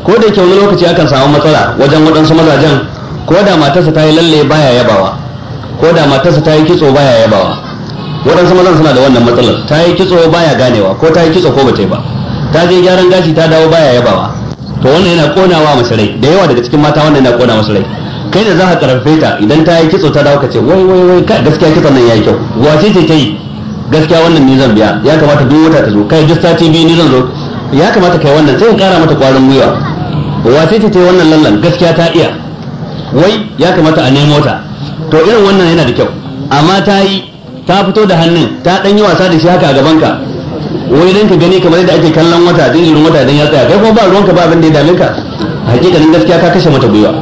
ko da yake wani lokaci akan samu matsala wajen waɗansu mazajen ko da matarsa ta yi lalle baya yabawa ko da matarsa ta yi kitso baya yabawa waɗansu mazan suna da wannan matsalar ta yi kitso baya ganewa ko ta yi kitso ko bata yi ba ta je gyaran gashi ta dawo baya yabawa to wannan yana konawa masarai da yawa daga cikin mata wannan yana konawa masarai kai da za ka karfe ta idan ta yi kitso ta dawo ka ce wai wai wai ka gaskiya kitson nan yayi kyau wace ce ta yi gaskiya wannan ni zan biya ya kamata duk wata ta zo kai justa TV biyu ni zan zo ya kamata kai wannan sai in kara mata kwarin gwiwa wace ce ta yi wannan lallan gaskiya ta iya wai ya kamata a nemo ta to irin wannan yana da kyau amma ta yi ta fito da hannun ta dan yi wasa da shi haka a gaban ka wai dan ka gani kamar yadda ake kallon wata irin wata dan ya tsaya kai kuma ba ruwanka ba abin da ya dame ka hakikanin gaskiya ka kashe mata gwiwa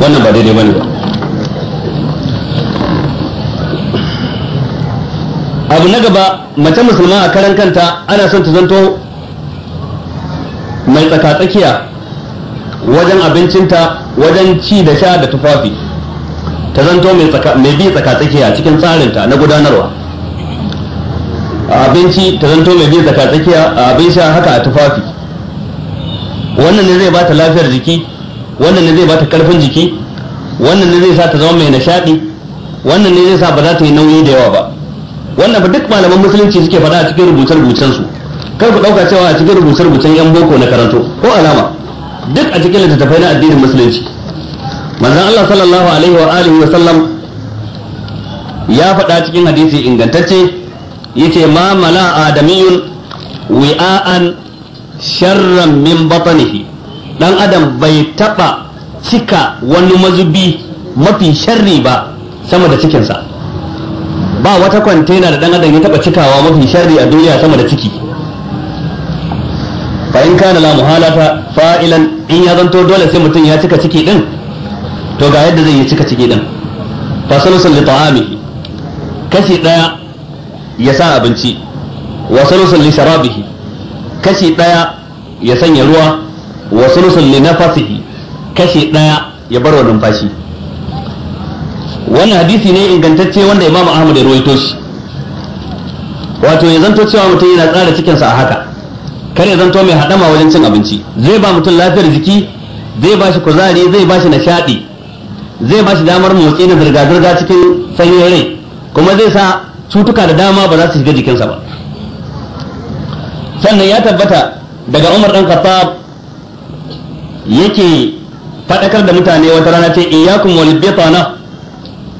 wannan ba daidai bane ba abu na gaba mace musulma a karan kanta ana son ta zanto mai tsaka-tsakiya wajen abincinta wajen ci da sha da tufafi ta zanto mai bi tsaka-tsakiya cikin tsarinta na gudanarwa a abinci ta zanto mai bi tsaka-tsakiya a abin sha haka a tufafi wannan ne zai ba ta lafiyar jiki wannan ne zai bata karfin jiki wannan ne zai sa ta zama mai nishadi wannan ne zai sa ba za ta yi nauyi da yawa ba wannan fa duk malaman musulunci suke faɗa a cikin rubuce-rubucen su kar ku ɗauka cewa a cikin rubuce-rubucen yan boko na karanto ko alama duk a cikin littattafai na addinin musulunci manzon Allah sallallahu alaihi wa alihi wa sallam ya faɗa cikin hadisi ingantacce yace ma mala adamiyun wi'an sharran min batnihi dan adam bai taba cika wani mazubi mafi sharri ba sama da cikinsa ba wata kwantena da dan adam ya taba cikawa mafi sharri a duniya sama da ciki fa in kana la muhalata fa'ilan in ya zanto dole sai mutum ya cika ciki din to ga yadda zai yi cika ciki din fa sulusul li ta'ami kashi daya ya sa abinci wa sulusul li sharabihi kashi daya ya sanya ruwa wa sulusun na nafasihi kashi ɗaya ya bar wa numfashi wannan hadisi ne ingantacce wanda Imam Ahmad ya ruwaito shi wato ya zanto cewa mutum yana tsara cikinsa a haka kar ya zanto mai haɗama wajen cin abinci zai ba mutum lafiyar jiki zai ba shi kuzari zai ba shi nishaɗi zai ba shi damar motsi na zirga-zirga cikin sanyin rai kuma zai sa cutuka da dama ba za su shiga jikinsa ba sannan ya tabbata daga umar ɗan khattab yake faɗakar da mutane wata rana ce iyyakum wal bitana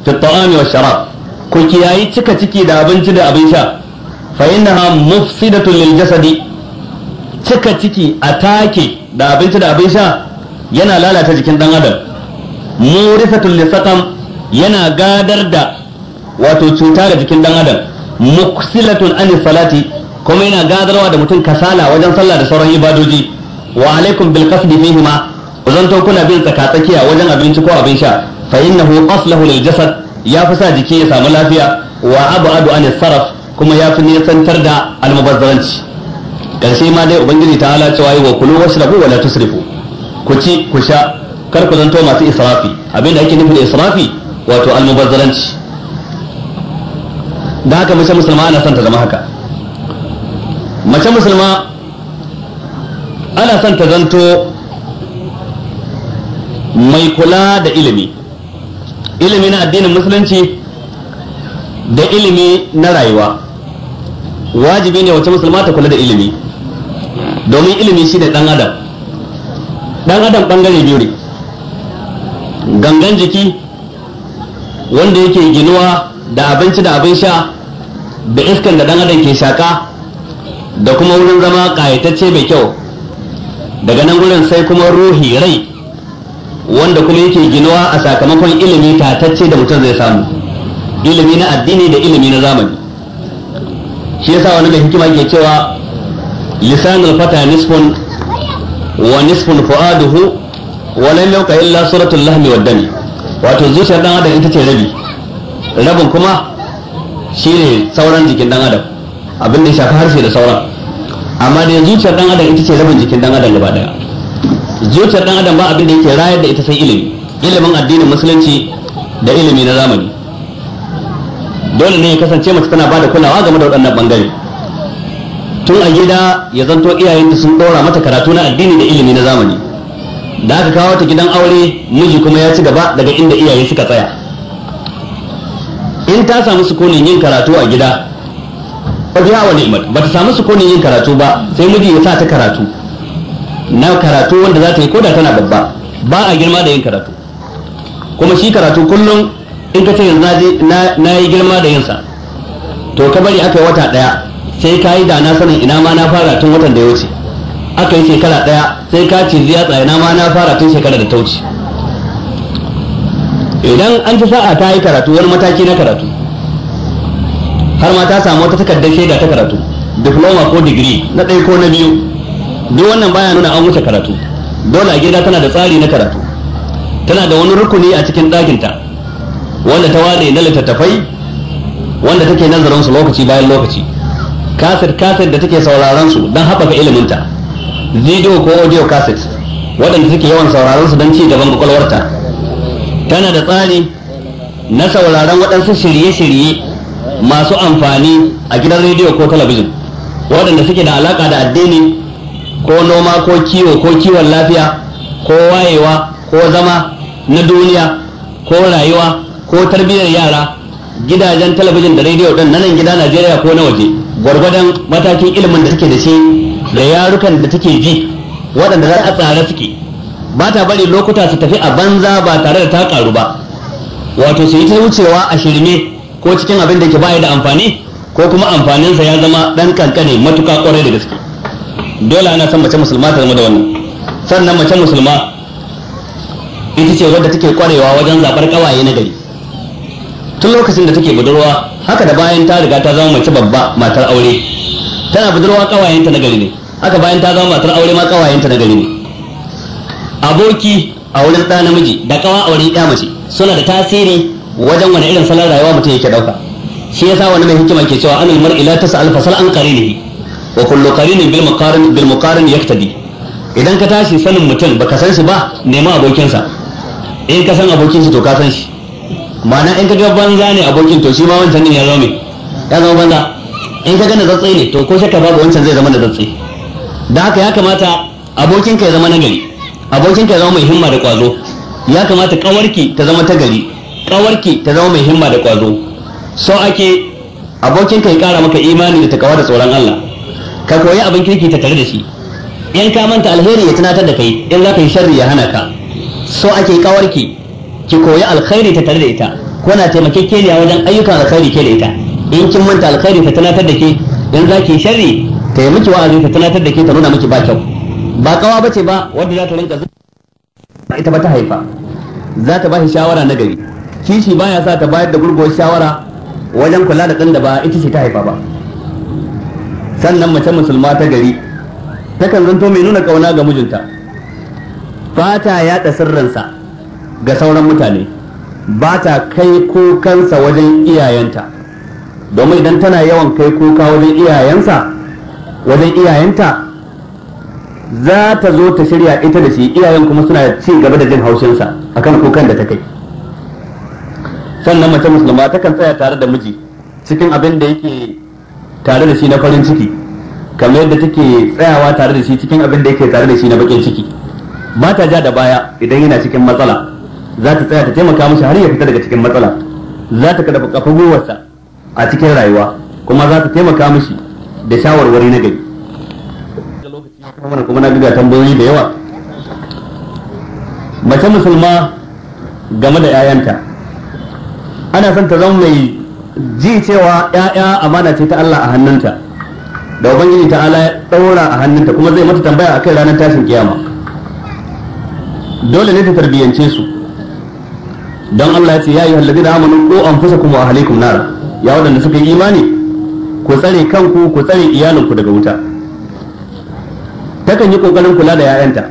fi ta'ami wa shara ku kiyayi cika ciki da abinci da abin sha fa innaha mufsidatu lil jasadi cika ciki a take da abinci da abin sha yana lalata jikin dan adam murisatul lisaqam yana gadar da wato cuta ga jikin dan adam muksilatun an salati kuma yana gadarwa da mutum kasala wajen sallah da sauran ibadoji wa alaikum bil qasdi fihi ma to kuna bin tsaka tsakiya wajen abinci ko abin sha fa innahu aslahu lil jasad ya fi sa jiki ya samu lafiya wa abadu an saraf kuma ya fi nisantar da almubazzaranci karshe ma dai ubangiji ta ala cewa yi wa kulu washrabu wa la tusrifu ku ci ku sha kar ku zanto masu israfi abinda ake nufi da israfi wato almubazzaranci da haka mace musulma ana son ta zama haka mace musulma ana son ta zanto mai kula da ilimi ilimi na addinin musulunci da ilimi na rayuwa wajibi ne wace musulma ta kula da ilimi domin ilimi shi ne dan adam dan adam bangare biyu ne gangan jiki wanda yake ginuwa da abinci da abin sha da iskan da dan adam ke shaka da kuma wurin zama kayatacce mai kyau daga nan gurin sai kuma ruhi rai wanda kuma yake ginawa a sakamakon ilimi tatacce da mutum zai samu ilimi na addini da ilimi na zamani shi yasa wani mai hikima ke cewa lisanin fata nisfun wa nisfun fu'aduhu wa lam illa suratu lahmi wa dami wato zuciyar dan adam ita ce rabi rabin kuma shine sauran jikin dan adam abin da ya shafi harshe da sauran amma da zuciyar dan adam ita ce rabin jikin dan adam gaba daya zuciyar dan adam ba abin da yake rayar da ita sai ilimi ilimin addinin musulunci da ilimi na zamani dole ne ya kasance mace tana bada kulawa game da waɗannan bangare tun a gida ya zanto iyayenta sun ɗora mata karatu na addini da ilimi na zamani da aka kawo ta gidan aure miji kuma ya ci gaba daga inda iyaye suka tsaya in ta samu sukunin yin karatu a gida fa biya wa ba ta samu su sukunin yin karatu ba sai miji ya sa ta karatu na karatu wanda za ta yi koda tana babba ba a girma da yin karatu kuma shi karatu kullum in ka ce yanzu na yi girma da yinsa to ka bari aka yi wata daya sai ka yi da na sanin ina ma na fara tun watan da ya wuce aka yi shekara daya sai ka ce ziya tsaye na ma na fara tun shekara da ta wuce idan an ci sa'a ta yi karatu wani mataki na karatu har ma ta samu wata takardar shaida ta karatu diploma ko digiri na ɗaya ko na biyu duk wannan baya nuna an wuce karatu dole a gida tana da tsari na karatu tana da wani rukuni a cikin ɗakinta wanda ta ware na littattafai wanda take nazarin su lokaci bayan lokaci kaset kaset da take sauraron su don haɓaka iliminta video ko audio kaset waɗanda take yawan sauraron su don ci gaban kwakwalwarta tana da tsari na sauraron waɗansu shirye-shirye masu amfani a gidan rediyo ko talabijin waɗanda suke da alaƙa da addini ko noma ko kiwo ko kiwon lafiya ko wayewa ko zama na duniya ko rayuwa ko tarbiyyar yara gidajen talabijin da rediyo ɗin na nan gida najeriya ko na waje gwargwadon matakin ilimin da suke da shi da yarukan da take ji waɗanda za a tsare suke ba ta bari lokuta su tafi a banza ba tare da ta ƙaru ba wato su yi ta wucewa a shirme ko cikin abin da ke baya da amfani ko kuma amfaninsa ya zama dan kankane matuka kwarai da gaske dole ana son mace musulma ta zama da wannan sannan mace musulma ita ce wadda take kwarewa wajen zabar kawaye na gari tun lokacin da take budurwa haka da bayan ta riga ta zama mace babba matar aure tana budurwa kawayenta na gari ne haka bayan ta zama matar aure ma kawayenta na gari ne aboki a wurin ɗa namiji da kawa a wurin mace suna da tasiri wajen wani irin salon rayuwa mutum yake dauka shi yasa wani mai hikima ke cewa anil mar'i ila tas'al fasal an qarinihi wa kullu qarinin bil muqarin bil muqarin yaktabi idan ka tashi sanin mutum baka san shi ba nema abokinsa in ka san abokin shi to ka san shi ma'ana in ka ga banza ne abokin to shi ma wancan ne ya zama ya zama banza in ka gane zatsai ne to ko shakka babu wancan zai zama da zatsai da haka ya kamata abokinka ya zama nagari abokinka ya zama mai himma da kwazo ya kamata kawarki ta zama ta gari kawarki ta zama mai himma da kwazo so ake abokin ka ya kara maka imani da takawa da tsoron Allah ka koyi abin kirki ta tare da shi in ka manta alheri ya tunatar da kai in za ka yi sharri ya hana ka so ake kawarki ki koyi alkhairi ta tare da ita kuna taimakekeniya wajen ayyukan alkhairi ke da ita in kin manta alkhairi ta tunatar da ke in za ki yi sharri ta yi miki wa'azi ta tunatar da ke ta nuna miki ba kyau ba kawa ba ce ba wanda za ta rinka zuwa ita ba ta haifa za ta ba shi shawara na gari kishi baya sa ta bayar da gurguwar shawara wajen kula da ɗan da ba ita ce ta haifa ba sannan mace musulma ta gari takan zanto mai nuna ƙauna ga mijinta fata ya da sirrinsa ga sauran mutane ba ta kai kukansa wajen iyayenta domin idan tana yawan kai kuka wajen iyayensa wajen iyayenta za ta zo ta shirya ita da shi iyayen kuma suna ci gaba da jin haushinsa akan kukan da ta kai sannan mace musulma takan tsaya tare da miji cikin abin da yake tare da shi na farin ciki kamar yadda take tsayawa tare da shi cikin abin da yake tare da shi na bakin ciki ba ta ja da baya idan yana cikin matsala za ta tsaya ta taimaka mishi har ya fita daga cikin matsala za ta kada kafa gwiwarsa a cikin rayuwa kuma za ta taimaka mishi da shawarwari na gari kuma na buga tambayoyi da yawa mace musulma game da 'ya'yanta ana son ta zama mai ji cewa ya'ya amana ce ta Allah a hannunta da ubangiji ta ala ya daura a hannunta kuma zai mata tambaya akan ranar tashin kiyama dole ne ta tarbiyyance su don Allah ya ce ya yi ko an amanu kuma a wa ahlikum nar ya waɗanda suka yi imani ku tsare kanku ku tsare iyalinku daga wuta takan yi kokarin kula da 'ya'yanta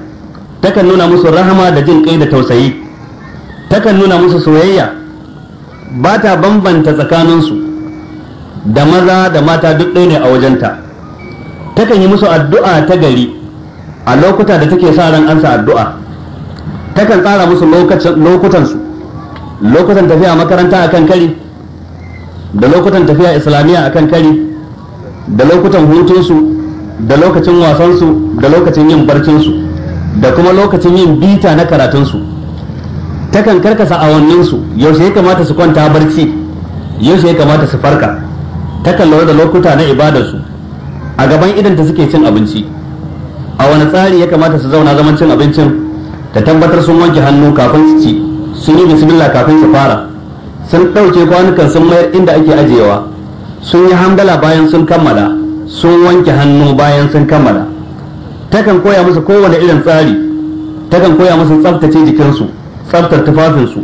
takan nuna musu rahama da jin kai da tausayi takan nuna musu soyayya ba ta bambanta tsakaninsu da maza da mata duk ɗaya ne a wajenta takan yi musu addu'a ta gari a lokuta da take sa ran ansa addu'a takan tsara musu lokutansu lokutan tafiya makaranta akan kari da lokutan tafiya islamiyya akan kari da lokutan hutunsu da lokacin wasansu da lokacin yin barcinsu da kuma lokacin yin bita na karatunsu takan karkasa awanninsu yaushe ya kamata su kwanta barci yaushe ya kamata su farka takan lura da lokuta na ibadarsu a gaban idanta suke cin abinci a wani tsari ya kamata su zauna zaman cin abincin ta tabbatar sun wanke hannu kafin su ci sun yi bismillah kafin su fara sun ɗauke kwanukan sun mayar inda ake ajiyewa sun yi hamdala bayan sun kammala sun wanke hannu bayan sun kammala takan koya musu kowane irin tsari takan koya musu tsaftace jikinsu tsaftar tufafinsu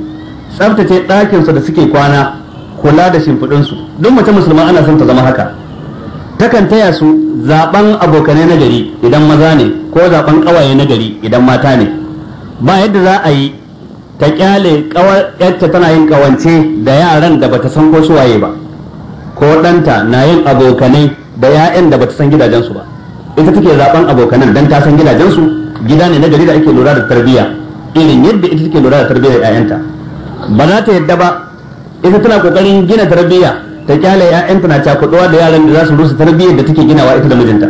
tsaftace ɗakinsu da suke kwana kula da shimfiɗinsu duk mace musulma ana son ta zama haka takan taya su zaɓen abokanai na gari idan maza ne ko zaɓen ƙawaye na gari idan mata ne ba yadda za a yi ta kyale ƙawarta tana yin ƙawance da yaran da bata san ko su waye ba ko ɗanta na yin abokanai da 'ya'yan da bata san gidajensu ba ita take zaɓen abokanan dan ta san gidajensu gida ne na gari da ake lura da tarbiyya irin yadda ita take lura da tarbiyyar ƴaƴanta ba za ta yadda ba ita tana kokarin gina tarbiyya ta kyale ƴaƴanta na cakuɗuwa da yaran da za su rusa tarbiyyar da take ginawa ita da mijinta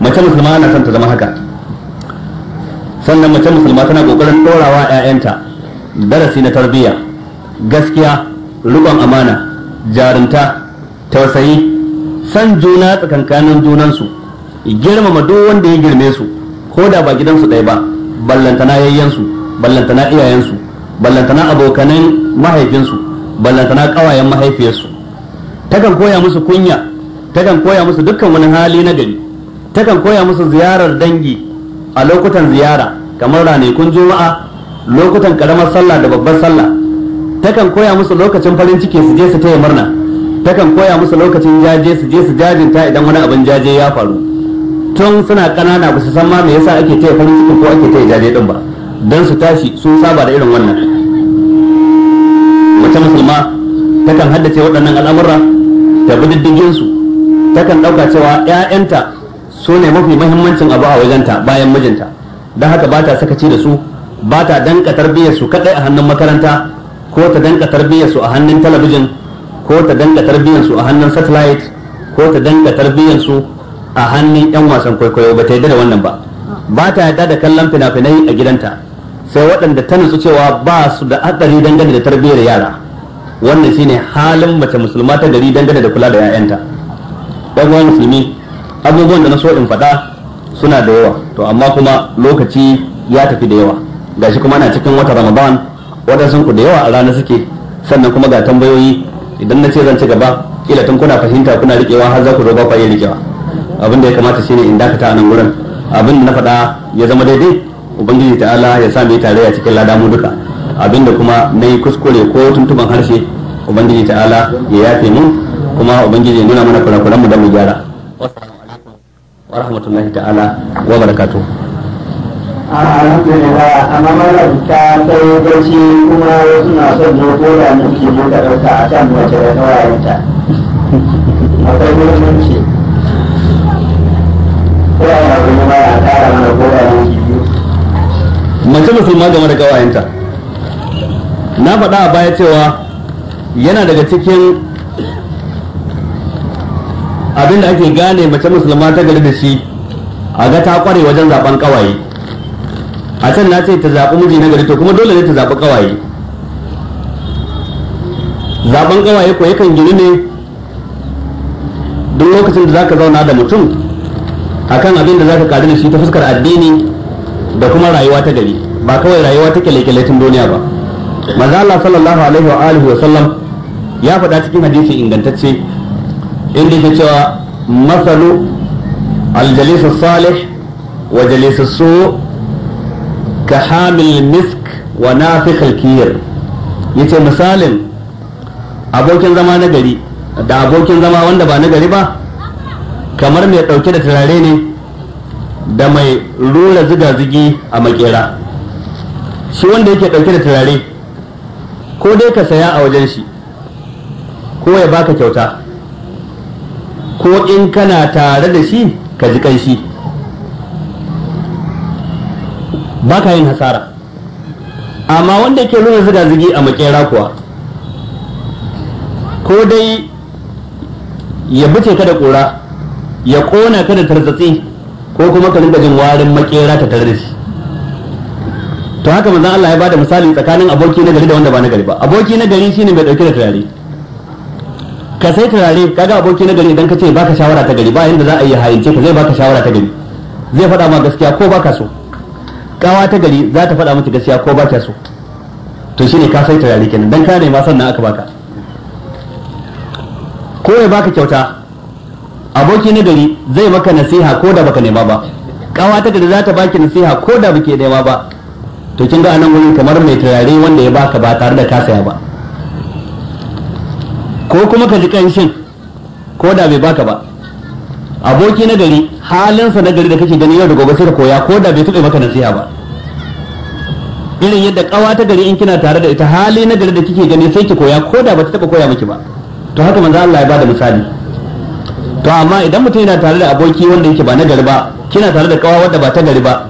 mace musulma na son ta zama haka sannan mace musulma tana kokarin ɗorawa ƴaƴanta darasi na tarbiyya gaskiya rikon amana jarumta tausayi san juna tsakankanin junansu girmama duk wanda ya girme su ko da ba gidansu ɗaya ba ballantana yayyansu ballantana iyayensu ballantana abokanan mahaifinsu ballantana kawayen mahaifiyarsu takan koya musu kunya takan koya musu dukkan wani hali na gari takan koya musu ziyarar dangi a lokutan ziyara kamar ranakun juma'a lokutan karamar sallah da babbar sallah takan koya musu lokacin farin ciki su je su taya murna takan koya musu lokacin jaje su je su jajinta idan wani abin jaje ya faru tun suna kanana ba su san ma me yasa ake taya farin ciki ko ake taya jaje din ba dan su tashi sun saba da irin wannan mace musulma takan haddace waɗannan al'amura da diddigin su takan ɗauka cewa ƴaƴanta su ne mafi mahimmancin abu a wajenta bayan mijinta don haka ba ta sakaci da su ba ta danka tarbiyyar su kadai a hannun makaranta ko ta danka tarbiyyar su a hannun talabijin ko ta danka tarbiyyar su a hannun satellite ko ta danka tarbiyyar su a hannun yan wasan kwaikwayo ba ta yarda wannan ba ba ta yadda da kallon fina-finai a gidanta sai waɗanda ta nutsu cewa ba su da hatsari dangane da tarbiyyar yara wannan shine halin mace musulma ta gari dangane da kula da 'ya'yanta ɗan uwan musulmi abubuwan da na so in faɗa suna da yawa to amma kuma lokaci ya tafi da yawa gashi kuma ana cikin wata ramadan waɗansu ku da yawa a rana suke sannan kuma ga tambayoyi idan na ce zan ci gaba kila tun kuna fahimta kuna riƙewa har za ku zo ba ku iya riƙewa abin da ya kamata shine in dakata a nan gurin abin da na faɗa ya zama daidai ubangiji ta'ala ya sa mu a cikin lada mu duka abin da kuma na yi kuskure ko tuntuban harshe ubangiji ta'ala ya yafe mu kuma ubangiji ya nuna mana kurakuran mu da mu gyara wa rahmatullahi ta'ala wa barakatuh alhamdulillah amma malam ta sai gaci kuma wasu na son ne ko da miki ne ka dauka akan mace da kawayenta akwai mutunci mace musulma game da gawayenta na faɗa a baya cewa yana daga cikin abinda ake gane mace musulma ta gari da shi a ga ta kware wajen zaben kawaye a can na ce ta zaɓi miji na gari to kuma dole ne ta zaɓi kawaye zaben kawaye ko yakan gini ne duk lokacin da zaka zauna da mutum akan abin da zaka karu da shi ta fuskar addini da kuma rayuwa ta gari ba kawai rayuwa ta kyale tun duniya ba manzo Allah sallallahu alaihi wa alihi wa sallam ya faɗa cikin hadisi ingantacce inda yake cewa masalu aljalis salih wa jalis su ka hamil misk wa nafikh alkir yace misalin abokin zama na gari da abokin zama wanda ba na gari ba kamar mai ɗauke da turare ne da mai rura ziga-zigi a makera shi wanda yake ɗauke da turare ko dai ka saya a wajen shi ko ya baka kyauta ko in kana tare da shi ka ji kanshi ba ka yin hasara amma wanda yake rura ziga-zigi a makera kuwa ko dai ya bice ka da ƙura ya kona ka da tarzatsi ko kuma ka rinka jin warin makera ta tare da shi to haka manzon Allah ya bada misali tsakanin aboki na gari da wanda ba na gari ba aboki na gari shine mai dauke da turare ka sai turare kaga aboki na gari idan ka ce baka shawara ta gari ba yanda za a yi hayince ka zai baka shawara ta gari zai faɗa ma gaskiya ko baka so kawa ta gari za ta faɗa miki gaskiya ko baka so to shine ka sai turare kenan dan ka ne ma sannan aka baka ko ya baka kyauta aboki na gari zai maka nasiha ko da baka nema ba kawa ta gari za ta baki nasiha ko da bake nema ba to kin ga anan wurin kamar mai turare wanda ya baka ba tare da kasaya ba ko kuma ka ji kanshin ko da bai baka ba aboki na gari halinsa na gari da kake gani yau da gobe sai ka koya ko da bai taɓa maka nasiha ba irin yadda kawa ta gari in kina tare da ita hali na gari da kike gani sai ki koya ko da ba ta taɓa koya miki ba to haka manzo Allah ya bada misali to amma idan mutum yana tare da aboki wanda yake ba na gari ba kina tare da kawa wadda ba ta gari ba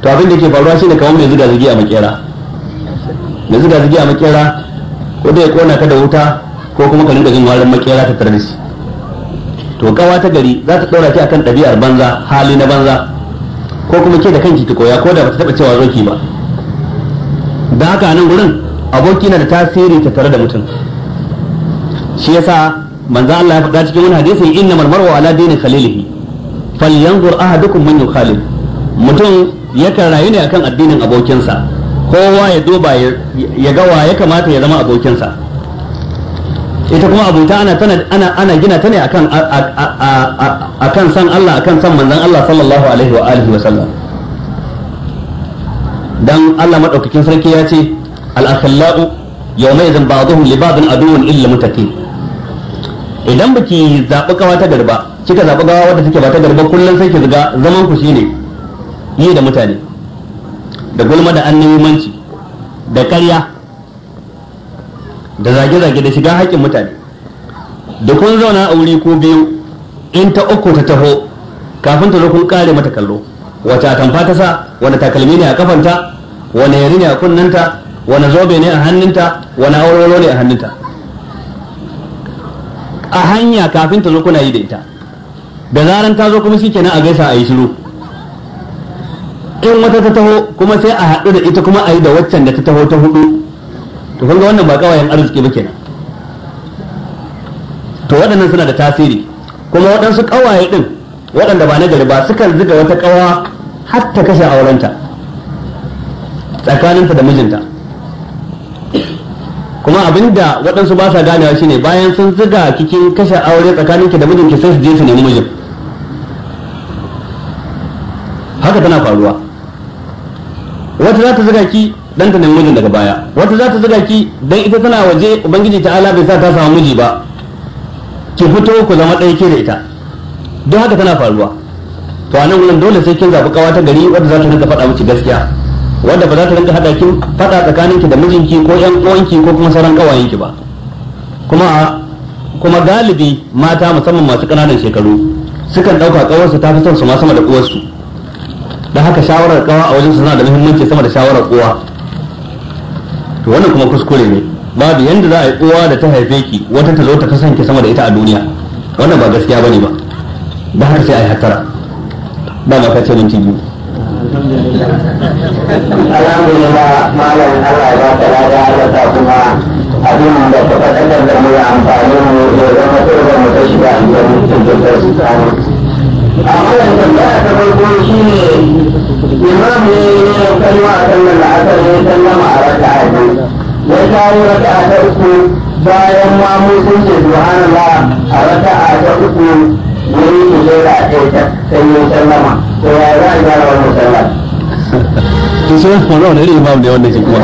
to abin da ke faruwa shine kamar mai zuga zugi a makera mai zuga zugi a makera ko dai kona ka da wuta ko kuma ka rinka jin warin makera ta tarbis to kawa ta gari za ta daura ki akan ɗabi'ar banza hali na banza ko kuma ke da kanki ki koya ko da bata taba cewa zoki ba da haka nan gurin aboki na da tasiri ta tare da mutum shi yasa manzo Allah ya faɗa cikin wani hadisi innamal mar'u ala dini khalilihi falyanzur ahadukum man yukhalil mutum yakan rayu ne akan addinin abokinsa kowa ya duba ya ga wa ya kamata ya zama abokinsa ita kuma abota ana tana ana ana gina ta ne akan akan san Allah akan san manzon Allah sallallahu alaihi wa alihi wa sallam dan Allah madaukakin sarki ya ce al-akhlaqu yawma idan ba'dhum li ba'dhin aduwwun illa muttaqin idan baki zaɓi kawa ta garba kika zaɓi gawa wadda take ba ta garba kullum sai ki zuga zaman ku shine yi da mutane da gulma da annayumanci da ƙarya da zage-zage da shiga haƙƙin mutane da kun zauna a wuri ko biyu in ta uku ta taho kafin ta zo kun kare mata kallo wace atamfa ta sa wani takalmi ne a kafanta wani yari ne a kunnanta wani zobe ne a hannunta wani aurolo ne a hannunta a hanya kafin ta zo kuna yi da ita da zaran ta zo kuma kenan a gaisa a yi shiru in wata ta taho kuma sai a haɗu da ita kuma a yi da waccan da ta taho ta hudu to kun ga wannan ba kawayen arziki ba kenan to waɗannan suna da tasiri kuma waɗansu kawaye ɗin waɗanda ba na gari ba sukan ziga wata kawa har ta kashe aurenta tsakaninta da mijinta kuma abinda waɗansu ba sa shi ne bayan sun ziga cikin kashe aure tsakanin ki da mijinki sai su je su nemi mijin haka tana faruwa wata za ta ziga ki dan ta nemi mijin daga baya wata za ta ziga ki dan ita tana waje ubangiji ala bai sa ta samu miji ba ki fito ku zama ɗaya ke da ita don haka tana faruwa to a nan wurin dole sai kin zaɓi kawata ta gari wadda za ta rinka faɗa miki gaskiya wanda ba za ta rinka hada kin fada tsakanin ki da mijinki ko yan uwanki ko kuma sauran kawayen ki ba kuma kuma galibi mata musamman masu kananan shekaru sukan dauka kawarsu ta fi son su ma sama da uwarsu dan haka shawarar kawa a wajen su suna da muhimmanci sama da shawarar uwa to wannan kuma kuskure ne babu yanda za a yi uwa da ta haife ki wata ta zo ta kasance sama da ita a duniya wannan ba gaskiya bane ba da haka sai a yi hatara ba ma ka ce minti biyu alhamdulillah malam Allah ya baka lada Allah kuma abin da ka faɗaɗar da mu ya amfani mu ya zama mu ta shiga biyar mutum da ta su shi ne ne ya a sallar da asar ne sallama a a biyu ya uku bayan ma mu sun ce a raka ta uku ya yi kujera ta to ya za a wani wani irin imam ne kuma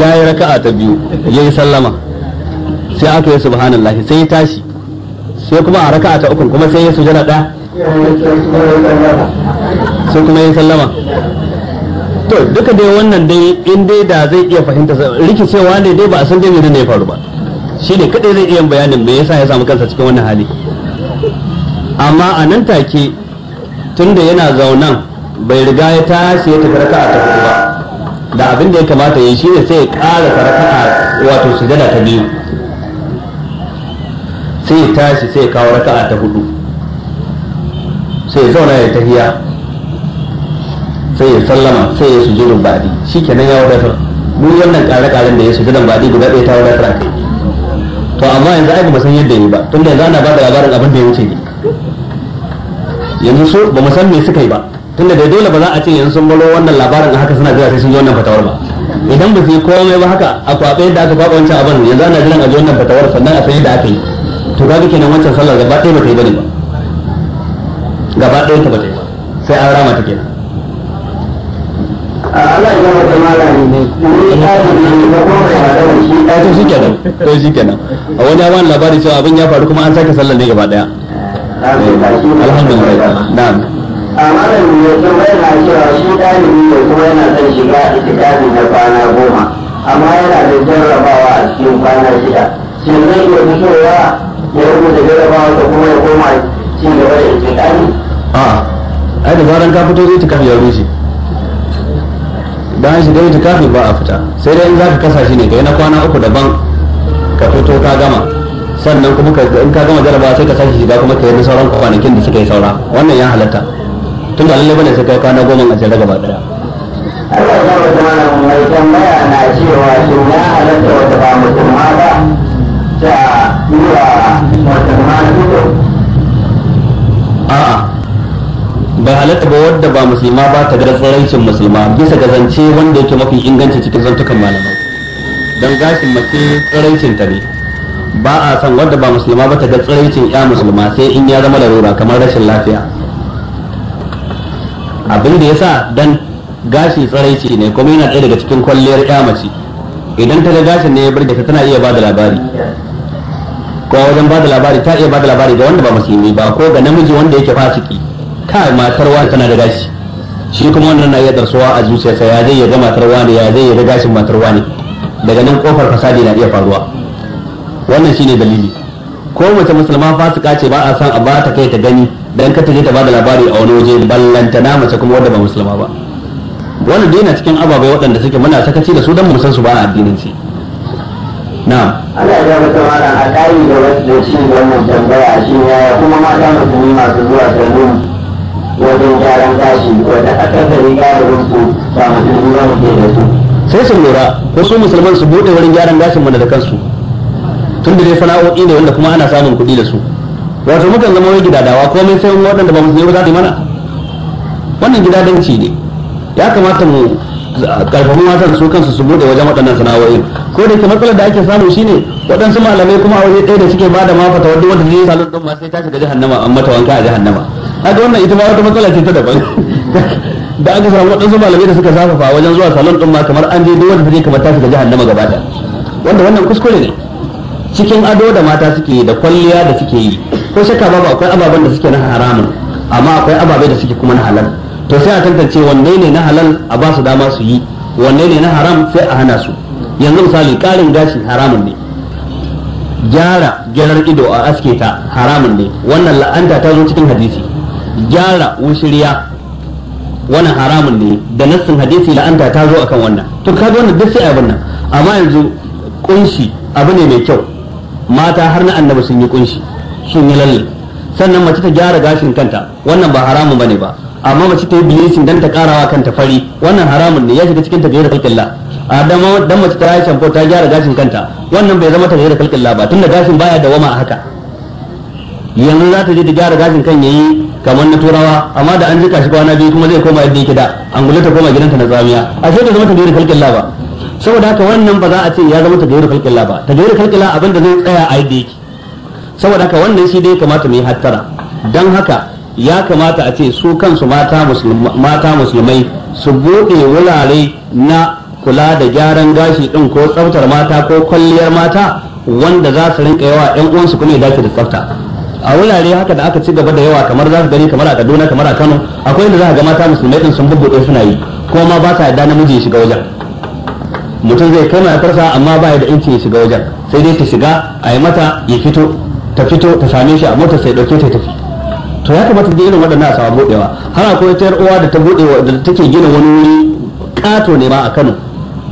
ya yi raka'a ta biyu ya yi sallama sai aka yi subhanallah sai ya tashi sai kuma a raka'a ta ukun kuma sai ya sujada ɗaya sai kuma ya sallama to duka dai wannan dai in dai da zai iya fahimta rikicewa ne dai ba a san dai ne ya faru ba shi ne kadai zai iya bayanin me yasa ya samu kansa cikin wannan hali amma a nan take tun da yana zaunan bai riga ya tashi ya tafi raka'a ta huɗu ba da abin da ya kamata ya shi ne sai ya ƙara raka'a wato sujada ta biyu sai ya tashi sai ya kawo raka'a ta hudu sai ya zauna ya tahiya sai ya sallama sai ya baɗi shi kenan ya wadatar duk wannan ƙare-ƙaren da ya sujudun baɗi guda ɗaya ta wadatar a kai to amma yanzu aiki ba san yadda yi ba da yanzu ana ba da labarin abin da ya wuce ne yanzu su ba mu san me suka yi ba tunda da dole ba za a ce yanzu sun baro wannan labarin haka suna jira sai sun yi wannan fatawar ba idan ba su yi komai ba haka a kwaɓe da aka kwaɓa wancan abin yanzu ana jiran a ji wannan fatawar sannan a san da aka yi to duke kenan wancan sallar gaba ɗaya ba ta yi ba ne ba gaba ɗaya ta ba ta yi ba sai an rama ta kenan to shi kenan to shi kenan a wani yawan labari cewa abin ya faru kuma an sake sallar ne gaba daya alhamdulillah na'am amma da mai tambayar na cewa shi ɗalibi ne kuma yana son shiga itikadi na kwana goma amma yana da jarrabawa a cikin kwana shida shi zai iya fitowa ya rubuta jarrabawa da kuma ya koma ci gaba da itikadi a'a ai da zaran ka fito zai tikafi ya rushe bayan shi dai tikafi ba a fita sai dai in za ka kasa shi ne kai na kwana uku daban ka fito ka gama sannan kuma ka in ka gama jaraba sai ka sake shiga kuma ka yi sauran kwanakin da suka yi saura wannan ya halatta tun da lallai bane sai kai kwana goma a jere gaba daya Allah ya zama mai tambaya na cewa shin ya halatta wata ba musulma ba ta yiwa wa musulma ido a'a bai halatta ba wadda ba musulma ba ta ga tsaraicin musulma bisa ga zance wanda yake mafi inganci cikin zantukan malamai don gashin mace tsaraicin ta ne ba a san wanda ba musulma ba ta ga tsiraicin ya musulma sai in ya zama larura kamar rashin lafiya abin da yasa dan gashi tsaraici ne kuma yana ɗaya daga cikin kwalliyar ya mace idan ta ga gashin ne ya burge ta tana iya ba da labari ko wajen ba da labari ta iya ba da labari ga wanda ba musulmi ba ko ga namiji wanda yake fasiki ka matar wani tana da gashi shi kuma wannan na iya darsuwa a zuciyarsa ya zai ya ga matar wani ya zai ya ga gashin matar wani daga nan kofar fasadi na iya faruwa wannan shine dalili ko mace musulma fasika ce ba a san a ta kai ta gani dan ka taje ta bada labari a wani waje ballanta na mace kuma wadda ba musulma ba wannan dai na cikin ababai waɗanda suke muna sakaci da su dan mu san su ba a addinin shi na'am Allah ya ga tawara a dai da wasu shi wannan tambaya shi ya kuma mata musulmi masu zuwa salon wajen gyaran gashi wanda aka gari garin su ba musulmi ba ke da su sai su lura ko su musulman su bude wurin gyaran gashin mana da kansu tun da dai sana'o'i ne wanda kuma ana samun kuɗi da su wato mukan zama wai gidadawa komai sai waɗanda ba musulmi ba za su yi mana wannan gidadanci ne ya kamata mu karfafi matan su kansu su bude wajen waɗannan sana'o'in ko da yake matsalar da ake samu shine waɗansu malamai kuma a waje ɗaya da suke bada mafata wadda wanda zai salon don masu sai ta shiga jahannama an mata wanka a jahannama haka wannan ita ma wata matsala ce ta daban da aka samu waɗansu malamai da suka zafafa wajen zuwa salon don ma kamar an je duk wanda zai kamar ta shiga jahannama gaba ɗaya wanda wannan kuskure ne cikin ado da mata suke yi da kwalliya da suke yi ko shakka babu akwai ababen da suke na haramun amma akwai ababe da suke kuma na halal to sai a tantance wanne ne na halal a ba su dama su yi wanne ne na haram sai a hana su yanzu misali karin gashi haramun ne gyara gyarar ido a aske ta haramun ne wannan la'anta ta zo cikin hadisi gyara wushiriya wannan haramun ne da nassin hadisi la'anta ta zo akan wannan to kaga wannan duk sai abin nan amma yanzu kunshi abu ne mai kyau mata har na annabi sun yi kunshi sun yi lalle sannan mace ta gyara gashin kanta wannan ba haramun bane ba amma mace ta yi bilisin dan ta karawa kanta fari wannan haramun ne ya shiga cikin ta gairar kalkilla a dan mace ta yi shampo ta gyara gashin kanta wannan bai zama ta gairar kalkilla ba tunda gashin baya da wama a haka yanzu za ta je ta gyara gashin kan yayi kamar na turawa amma da an jika shi kwana biyu kuma zai koma yadda yake da angulu ta koma gidanta na zamiya ashe ta zama ta gairar kalkilla ba saboda haka wannan ba za a ce ya zama ta gairu kalkila ba ta gairu kalkila abin da zai tsaya a yadda yake saboda haka wannan shi dai kamata mu hattara don haka ya kamata a ce su kansu mata musulmai su buɗe wurare na kula da gyaran gashi ɗin ko tsaftar mata ko kwalliyar mata wanda za su rinka yawa yan uwansu kuma ya dace da tsafta a wurare haka da aka ci gaba da yawa kamar za su gani kamar a Kaduna kamar a Kano akwai inda za ka ga mata musulmai din sun bubbuɗe suna yi ko ma ba sa yarda namiji ya shiga wajen mutum zai kai matarsa amma ba da inci ya shiga wajen sai dai ta shiga a yi mata ya fito ta fito ta same shi a motar sai dauke ta tafi to ya kamata ji irin waɗannan a buɗewa har akwai ta uwa da ta buɗe da take gina wani wuri ƙato ne ma a Kano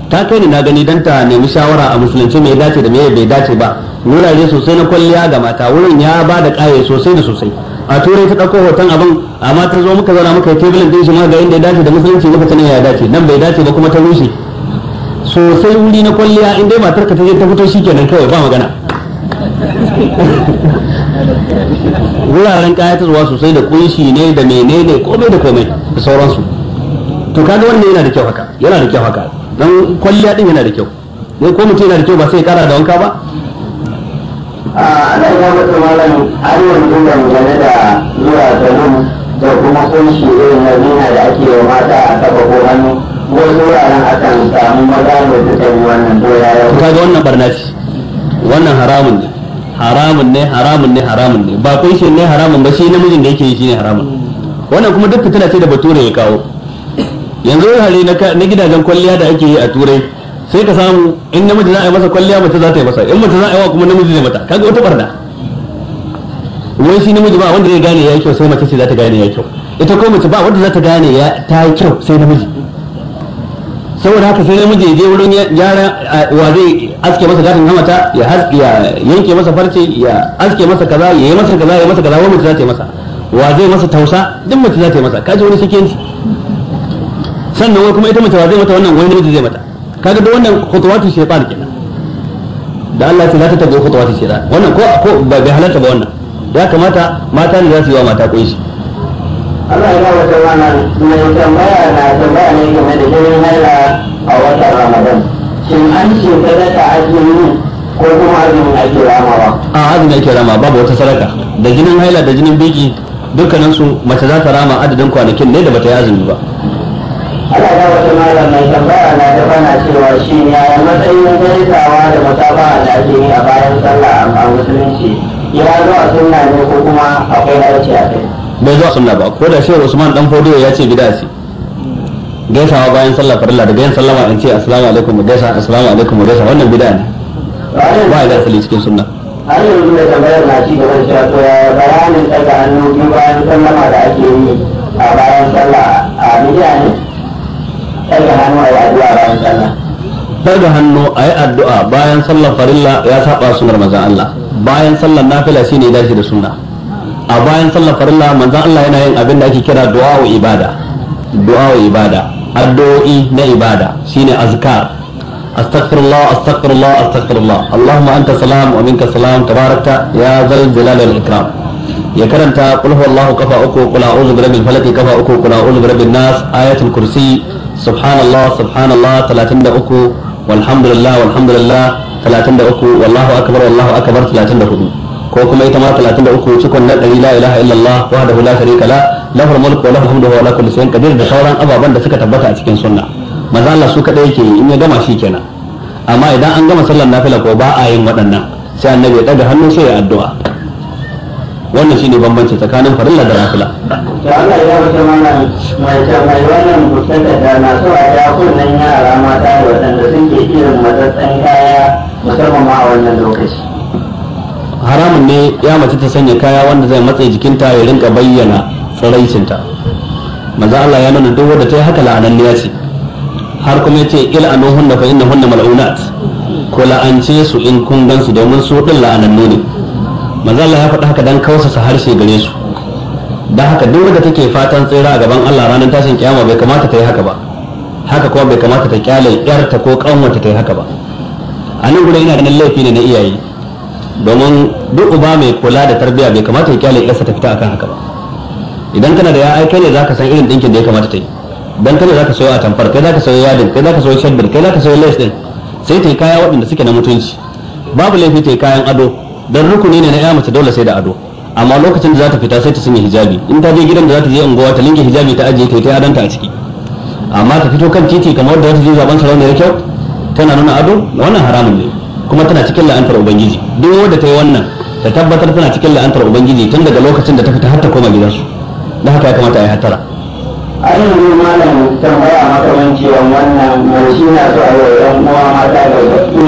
ta kai ni na gani dan ta nemi shawara a musulunci mai dace da mai bai dace ba wurare sosai na kwalliya ga mata wurin ya ba da ƙaye sosai da sosai a turai ta ɗauko hoton abin amma ta zo muka zauna muka yi tebulin din shi ma ga inda ya dace da musulunci muka ta ya dace nan bai dace ba kuma ta rushe sosai wuri na kwalliya in dai matar ka ta fito shi ke nan kawai ba magana wuraren kayatarwa sosai da kunshi ne da menene komai da komai da sauransu to kaga wannan yana da kyau haka yana da kyau haka dan kwalliya din yana da kyau ne ko mutum yana da kyau ba sai kara da wanka ba ana ga wata malam an yi wani da zuwa garin da kuma kunshi irin na da ake yi mata a taba ko hannu samu da wannan ya kaga wannan barna ce wannan haramun ne haramun ne haramun ne haramun ne ba kun shi ne haramun ba shi namijin da yake yi shi ne haramun wannan kuma duk fitila ce da bature ya kawo yanzu hali na gidajen kwalliya da ake yi a turai sai ka samu in namiji za a yi masa kwalliya mace za ta yi masa in mace za a yi wa kuma namiji ne mata kaga wata barna wai shi namiji ba wanda zai gane ya kyau sai mace ce za ta gane ya kyau ita ko mace ba wanda za ta gane ya ta kyau sai namiji saboda haka sai namiji ya je wurin yara wa zai aske masa gatin hamata ya yanke masa farce ya aske masa kaza ya yi masa kaza ya masa kaza wani zai masa wa zai masa tausa duk mace zai masa kaji wani sikenci sannan wai kuma ita mace wa zai mata wannan wani namiji zai mata kaga da wannan khutuwatu shaytan kenan da Allah ce za ta tabo khutuwatu shaytan wannan ko ko bai halatta ba wannan ya kamata mata ne za su yi wa mata kunshi Allah ya gawa ta mana mai tambaya na tambaya ne game da jinin haila a watan Ramadan. Shin an ce sadaka azumi ko kuma azumin ake ramawa? A azumin ake rama babu wata sadaka. Da jinin haila da jinin biki dukkanin su mace za ta rama adadin kwanakin ne da bata yi azumi ba. Allah ya gawa ta mana mai tambaya na ta bana cewa shi ne a matsayin gaisawa da musabaha a ake a bayan sallah a musulunci ya zo a sunna ne ko kuma akwai harci a kai. bai zuwa sunna ba ko da shi usman dan fodo ya ce bid'a ce gaisawa bayan sallah farilla da yin sallama an ce assalamu alaikum gaisa assalamu alaikum gaisa wannan bid'a ne ba da asali cikin sunna har yanzu mai tambayar na ci gaban cewa to bayanin daga hannu biyu bayan sallama da ake yi a bayan sallah a bid'a ne daga hannu a yi addu'a bayan sallah daga hannu a yi addu'a bayan sallar farilla ya saba sunar manzon Allah bayan sallar nafila shine ya dace da sunna a bayan sallar farilla manzon Allah yana yin abin da ake kira du'a wa ibada du'a wa ibada addu'o'i na ibada shine azkar astaghfirullah astaghfirullah astaghfirullah allahumma anta salam wa minka salam tabarakta ya zal jalal wal ikram ya karanta qul huwallahu kafa uku qul a'udhu rabbil falaq kafa uku qul a'udhu rabbin nas ayatul kursi subhanallah subhanallah 33 walhamdulillah walhamdulillah 33 wallahu akbar wallahu akbar 34 ko kuma ita ma 33 cikon na ɗari la ilaha illallah wahdahu la sharika la lahul mulku wa lahul hamdu wa la kulli shay'in qadir da sauran ababan da suka tabbata a cikin sunna manzo Allah su kadai yake in ya gama shi kenan amma idan an gama sallar nafila ko ba a yin waɗannan sai annabi ya daga hannu sai ya addu'a wannan shine bambanci tsakanin farilla da nafila to Allah ya wuce mana mai ta mai wannan bukata da na so a ga kunnan yara mata da waɗanda suke irin matsatsan kaya musamman ma a wannan lokaci haramun ne ya mace ta sanya kaya wanda zai matse jikinta ya rinka bayyana tsaraicinta manzo Allah ya nuna duk wanda ta yi haka la'ananniya ce har kuma yace il da fa hunna mal'unat ko la'ance su in kun su domin su din la'anannu ne manzo Allah ya faɗa haka dan kausasa harshe gare su dan haka duk wanda take fatan tsira a gaban Allah ranar tashin kiyama bai kamata ta yi haka ba haka kuma bai kamata ta kyale yarta ko kanwata ta yi haka ba a nan gudu ina ganin laifi ne na iyaye domin duk uba mai kula da tarbiyya bai kamata ya kyale ƙasa ta fita akan haka ba idan kana da ya'ai kai ne za ka san irin ɗinkin da ya kamata ta yi dan kana ka sayo atamfar kai za ka sayo yadin kai za ka sayo shaddar kai za ka sayo lace din sai ta yi kaya waɗanda suke na mutunci babu laifi ta yi kayan ado dan rukuni ne na ya mace dole sai da ado amma lokacin da za ta fita sai ta sanya hijabi in ta je gidan da za ta je unguwa ta linke hijabi ta ajiye ta yi ta adanta a ciki amma ta fito kan titi kamar da za ta je zaben sarauniyar kyau tana nuna ado wannan haramun ne kuma tana cikin la'antar ubangiji duk wanda ta yi wannan ta tabbatar tana cikin la'antar ubangiji tun daga lokacin da ta fita har ta koma gidansu na haka ya kamata a yi hattara an yi malam tambaya makamanci wannan mai shi na so a yi yan uwa mata da wasu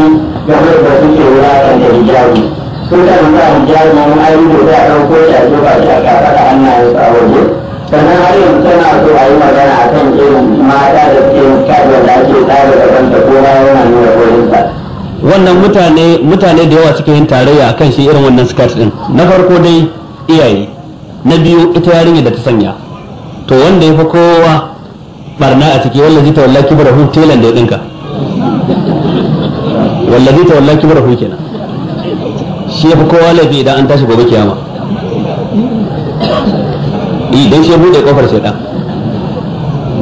game da suke wulakanta hijabi sun da mun da hijabi mun ayi da za a ɗauko shi a jefa shi a kafaɗa hannayensu a waje sannan har yanzu tana so a yi magana a kan irin mata da suke ta da ake tsara da kanta ko ba yana nuna koyinsa wannan mutane mutane da yawa suke yin tarayya kan shi irin wannan skirt din na farko dai iyaye na biyu ita yarinya da ta sanya to wanda ya fi kowa barna a ciki wallazi ta wallaki hu telan da ya dinka wallazi ta wallaki hu kenan shi ya fi kowa laifi idan an tashi gobe kiyama idan shi ya bude kofar shaidan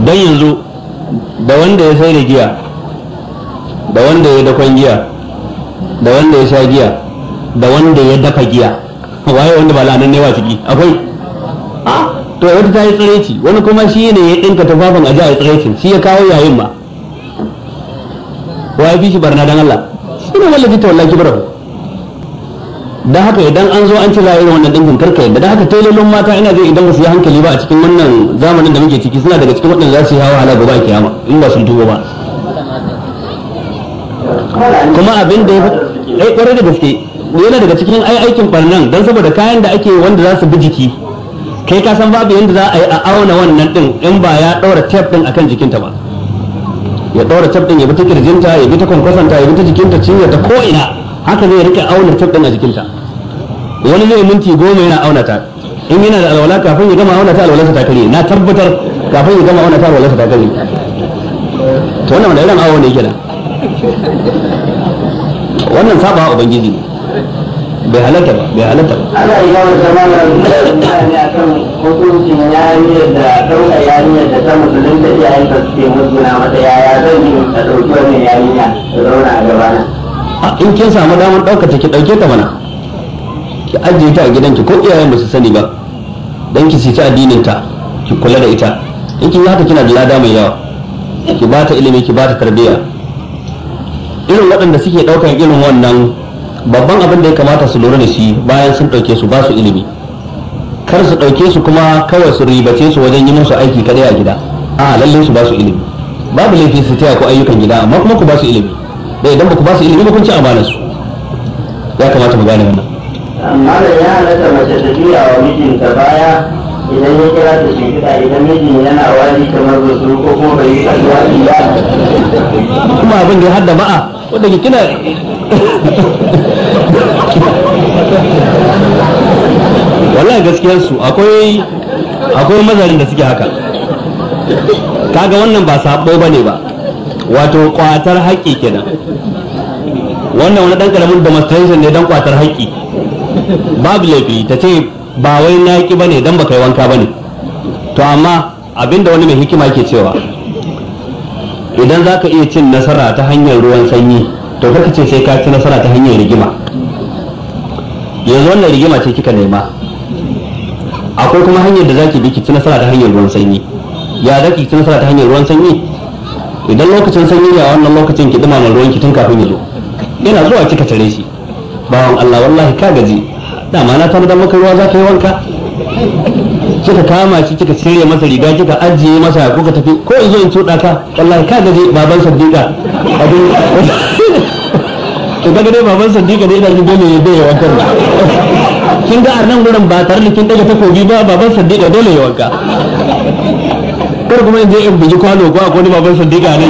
dan yanzu da wanda ya sai da giya da wanda ya dakon giya da wanda ya sha giya da wanda ya dafa giya waye wanda ba lanan ne wa ciki akwai ah, to wata ta yi tsiraici wani kuma shi ne ya dinka tufafin aji a yi tsiraicin shi ya kawo yayin ma wa ya fi shi barna dan Allah shi ne wallahi ta wallahi barahu da haka idan an zo an ci za'a irin wannan dinkin karka yadda da haka tailolin mata ina zai idan ba su yi hankali ba a cikin wannan zamanin da muke ciki suna daga cikin waɗanda za su yi hawa hala gobe a kiyama in ba sun tubo ba kuma abin da ya fi eh kwarai da gaske yana daga cikin ai aikin barnan don saboda kayan da ake wanda za su bi jiki kai ka san babu yanda za a yi a auna wannan din in ba ya daura tape din akan jikinta ba ya daura tape din ya bi ta kirjinta ya bi ta kwankwasanta ya bi ta jikinta cinya ta ko ina haka zai rika auna tape din a jikinta wani zai minti goma yana auna ta in yana da alwala kafin ya gama auna ta alwalarsa ta kare na tabbatar kafin ya gama auna ta alwalarsa ta kare to wannan wanda irin awo ne kenan wannan saba ubangiji ne bai halatta ba bai halatta ba ana yi yawan zama da mutane a kan hukuncin yayin da dauka yayin da ta musulun da yi ta musu musguna mata yaya zan yi ta dauki wannan yarinya da zauna a gabana in kin samu damar dauka ta ki ɗauke ta mana ki ajiye ta a gidanki ko iyayen ba su sani ba dan ki sita addinin ta ki kula da ita in kin yi haka kina da lada mai yawa ki ba ta ilimi ki ba ta tarbiyya irin waɗanda suke ɗaukar irin wannan babban abin da ya kamata su lura da shi bayan sun ɗauke su ba su ilimi kar su ɗauke su kuma kawai su ribace su wajen yi musu aiki kadai a gida a lalle su ba su ilimi babu laifi su taya ku ayyukan gida amma kuma ku ba su ilimi da idan ba ku ba su ilimi ba kun ci amanar su ya kamata mu gane wannan amma da ya halatta mace ta juya wa mijinta baya idan ya kira ta shekara idan mijin yana wani kamar su ko kuma bai yi alwali ba kuma abin da ya hadda ba'a wanda ke kina wallahi gaskiyar su akwai akwai mazarin da suke haka kaga wannan ba sabo bane ba wato kwatar haƙƙi kenan wannan wani dan karamin demonstration ne dan kwatar haƙƙi babu laifi ta ce ba wai na bane dan baka yi wanka bane to amma abinda wani mai hikima ke cewa idan za ka iya cin nasara ta hanyar ruwan sanyi to kaka ce sai ka ci nasara ta hanyar rigima yanzu wannan rigima ce kika nema akwai kuma hanyar da za ki bi ki ci nasara ta hanyar ruwan sanyi ya za ki ci nasara ta hanyar ruwan sanyi idan lokacin sanyi ne a wannan lokacin ki dumama ruwan ki tun kafin ya zo yana zuwa kika tare shi bawan Allah wallahi ka gaji dama na dan maka ruwa za ka yi wanka kika kama shi kika shirya masa riga kika ajiye masa kuka tafi ko in zo in tuɗa ka wallahi ka gaje baban sadiqa abin to baban sadiqa dai ina jin dole ya bai wanka kin ga nan gurin ba tare da kin daga takobi ba baban sadiqa dole ya wanka kar kuma in je in biji kwano ko akwai baban sadiqa ne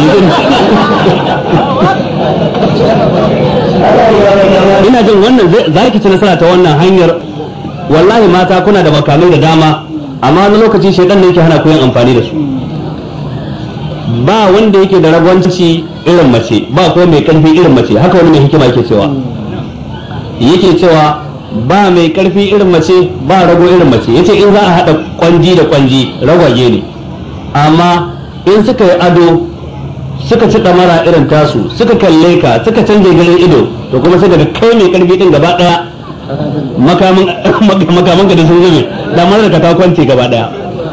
ina jin wannan za ki ci nasara ta wannan hanyar wallahi mata kuna da makamai da dama amma wani lokaci shaidan ne yake hana ku amfani da su ba wanda yake da ragwanci irin mace ba ko mai karfi irin mace haka wani mai hikima yake cewa yake cewa ba mai karfi irin mace ba rago irin mace yace in za a hada kwanji da kwanji ragwaje ne amma in suka yi ado suka ci damara irin tasu suka kalle ka suka canje garin ido to kuma sai daga kai mai karfi din gaba daya makaman ka da sun zube damar da ka ta gaba daya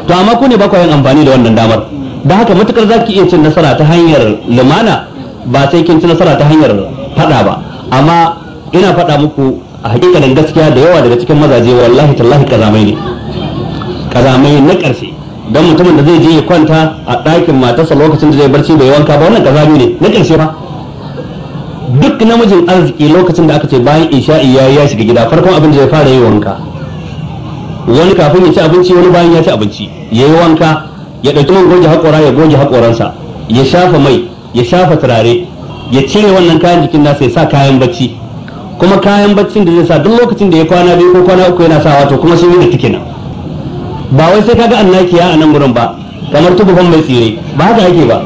to amma ku ne yin amfani da wannan damar da haka matukar za ki iya cin nasara ta hanyar lumana ba sai kin ci nasara ta hanyar fada ba amma ina fada muku a hakikalin gaskiya da yawa daga cikin mazaje wallahi tallahi kazamai ne kazamai na karshe don mutumin da zai je ya kwanta a ɗakin matarsa lokacin da zai barci bai wanka ba wannan kazami ne na karshe fa duk namijin arziki lokacin da aka ce bayan isha'i ya ya shiga gida farkon abin da ya fara yi wanka wani kafin ya ci abinci wani bayan ya ci abinci ya yi wanka ya ɗauki man goge haƙora ya goge haƙoransa ya shafa mai ya shafa turare ya cire wannan kayan jikin nasa ya sa kayan bacci kuma kayan baccin da zai sa duk lokacin da ya kwana biyu ko kwana uku yana sawa to kuma sun yi da tikina ba wai sai kaga annakiya a nan gurin ba kamar tubufan mai tsire ba haka ake ba